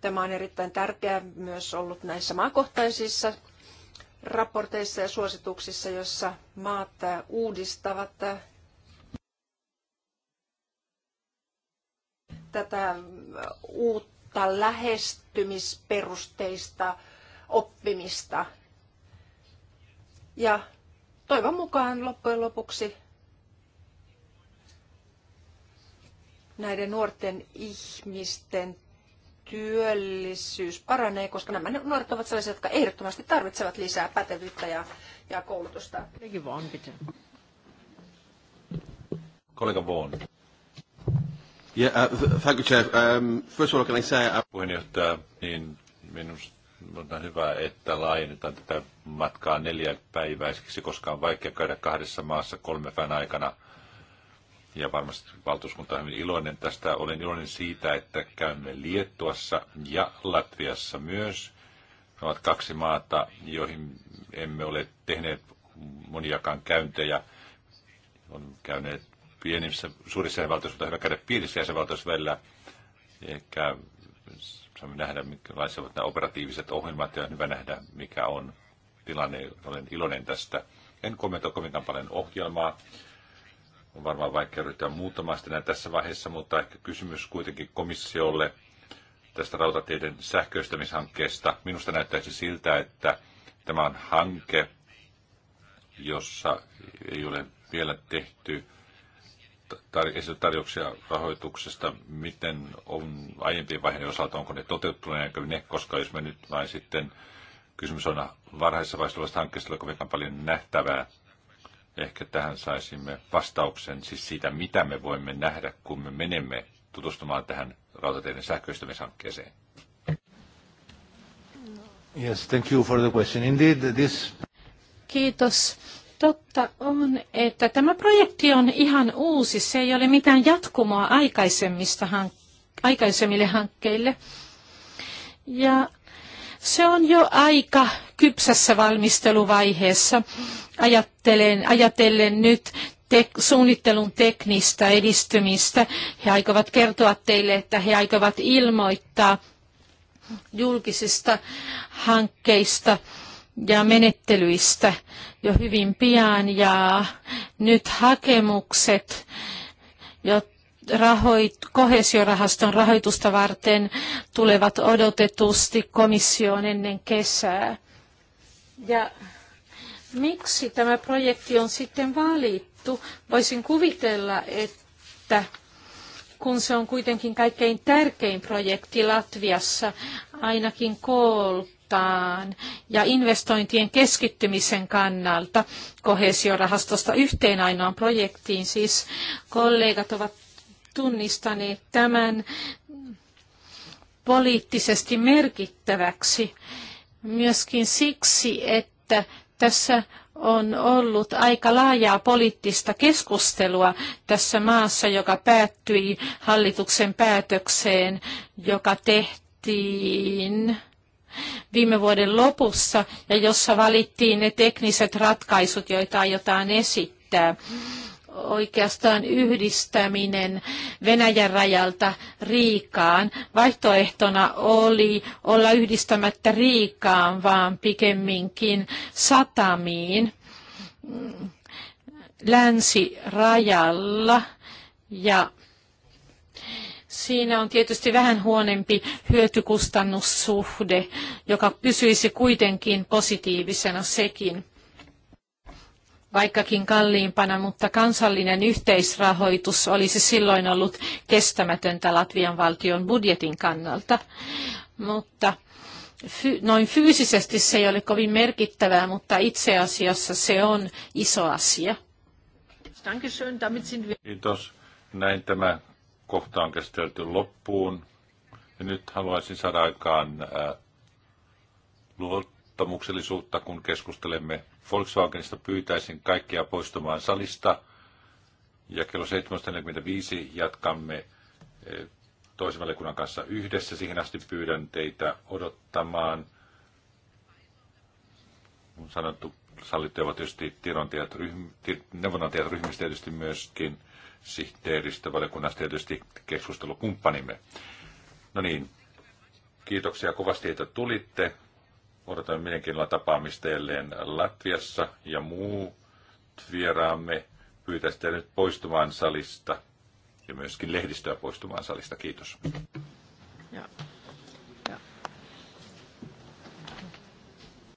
C: Tämä on erittäin tärkeää myös ollut näissä maakohtaisissa raporteissa ja suosituksissa, joissa maat uudistavat tätä uutta lähestymisperusteista oppimista. Ja toivon mukaan loppujen lopuksi näiden nuorten ihmisten työllisyys paranee, koska nämä nuoret ovat sellaisia, jotka ehdottomasti tarvitsevat lisää pätevyyttä ja, ja koulutusta.
B: Kollega Vaughan. Yeah,
C: uh, thank you, Chair. Um, first of all, can I say... Uh...
B: Puheenjohtaja, niin minusta on hyvä, että laajennetaan tätä matkaa neljä päiväiseksi, koska on vaikea käydä kahdessa maassa kolme päivän aikana – ja varmasti valtuuskunta on hyvin iloinen tästä. Olen iloinen siitä, että käymme Liettuassa ja Latviassa myös. Ne ovat kaksi maata, joihin emme ole tehneet moniakaan käyntejä. On käyneet pienissä, suurissa jäsenvaltioissa, mutta hyvä käydä pienissä jäsenvaltioissa välillä. Ehkä saamme nähdä, minkälaisia ovat nämä operatiiviset ohjelmat ja on hyvä nähdä, mikä on tilanne. Olen iloinen tästä. En kommentoi kovinkaan paljon ohjelmaa. On varmaan vaikea ryhtyä muuttamaan sitä tässä vaiheessa, mutta ehkä kysymys kuitenkin komissiolle tästä rautateiden sähköistämishankkeesta. Minusta näyttäisi siltä, että tämä on hanke, jossa ei ole vielä tehty tarjouksia rahoituksesta, miten on aiempien vaiheiden osalta, onko ne toteutuneet, ne, koska jos me nyt vain sitten, kysymys on varhaisessa vaiheessa hankkeesta, on paljon nähtävää. Ehkä tähän saisimme vastauksen siis siitä, mitä me voimme nähdä, kun me menemme tutustumaan tähän rautateiden sähköistämishankkeeseen. Yes, thank you for the question. Indeed, this...
A: Kiitos. Totta on, että tämä projekti on ihan uusi. Se ei ole mitään jatkumoa aikaisemmista hank- aikaisemmille hankkeille. Ja se on jo aika kypsässä valmisteluvaiheessa. Ajattelen, ajatellen nyt tek, suunnittelun teknistä edistymistä. He aikovat kertoa teille, että he aikovat ilmoittaa julkisista hankkeista ja menettelyistä jo hyvin pian. Ja nyt hakemukset, jotta rahoit, kohesiorahaston rahoitusta varten tulevat odotetusti komissioon ennen kesää. Ja miksi tämä projekti on sitten valittu? Voisin kuvitella, että kun se on kuitenkin kaikkein tärkein projekti Latviassa, ainakin kooltaan ja investointien keskittymisen kannalta kohesiorahastosta yhteen ainoaan projektiin. Siis kollegat ovat tunnistaneet tämän poliittisesti merkittäväksi myöskin siksi, että tässä on ollut aika laajaa poliittista keskustelua tässä maassa, joka päättyi hallituksen päätökseen, joka tehtiin viime vuoden lopussa ja jossa valittiin ne tekniset ratkaisut, joita aiotaan esittää oikeastaan yhdistäminen Venäjän rajalta Riikaan. Vaihtoehtona oli olla yhdistämättä Riikaan, vaan pikemminkin satamiin länsirajalla. Ja siinä on tietysti vähän huonempi hyötykustannussuhde, joka pysyisi kuitenkin positiivisena sekin vaikkakin kalliimpana, mutta kansallinen yhteisrahoitus olisi silloin ollut kestämätöntä Latvian valtion budjetin kannalta. Mutta noin fyysisesti se ei ole kovin merkittävää, mutta itse asiassa se on iso asia.
B: Kiitos. Näin tämä kohta on käsitelty loppuun. Ja nyt haluaisin saada aikaan äh, luot luottamuksellisuutta, kun keskustelemme Volkswagenista. Pyytäisin kaikkia poistumaan salista. Ja kello 17.45 jatkamme eh, toisen valiokunnan kanssa yhdessä. Siihen asti pyydän teitä odottamaan. On sanottu, sallittuja ovat tietysti tiedontajat, neuvonantajat ryhmistä tietysti myöskin sihteeristä valiokunnasta tietysti keskustelukumppanimme. No niin, kiitoksia kovasti, että tulitte odotamme mielenkiinnolla tapaamista jälleen Latviassa ja muu vieraamme pyytää nyt poistumaan salista ja myöskin lehdistöä poistumaan salista.
A: Kiitos. Ja.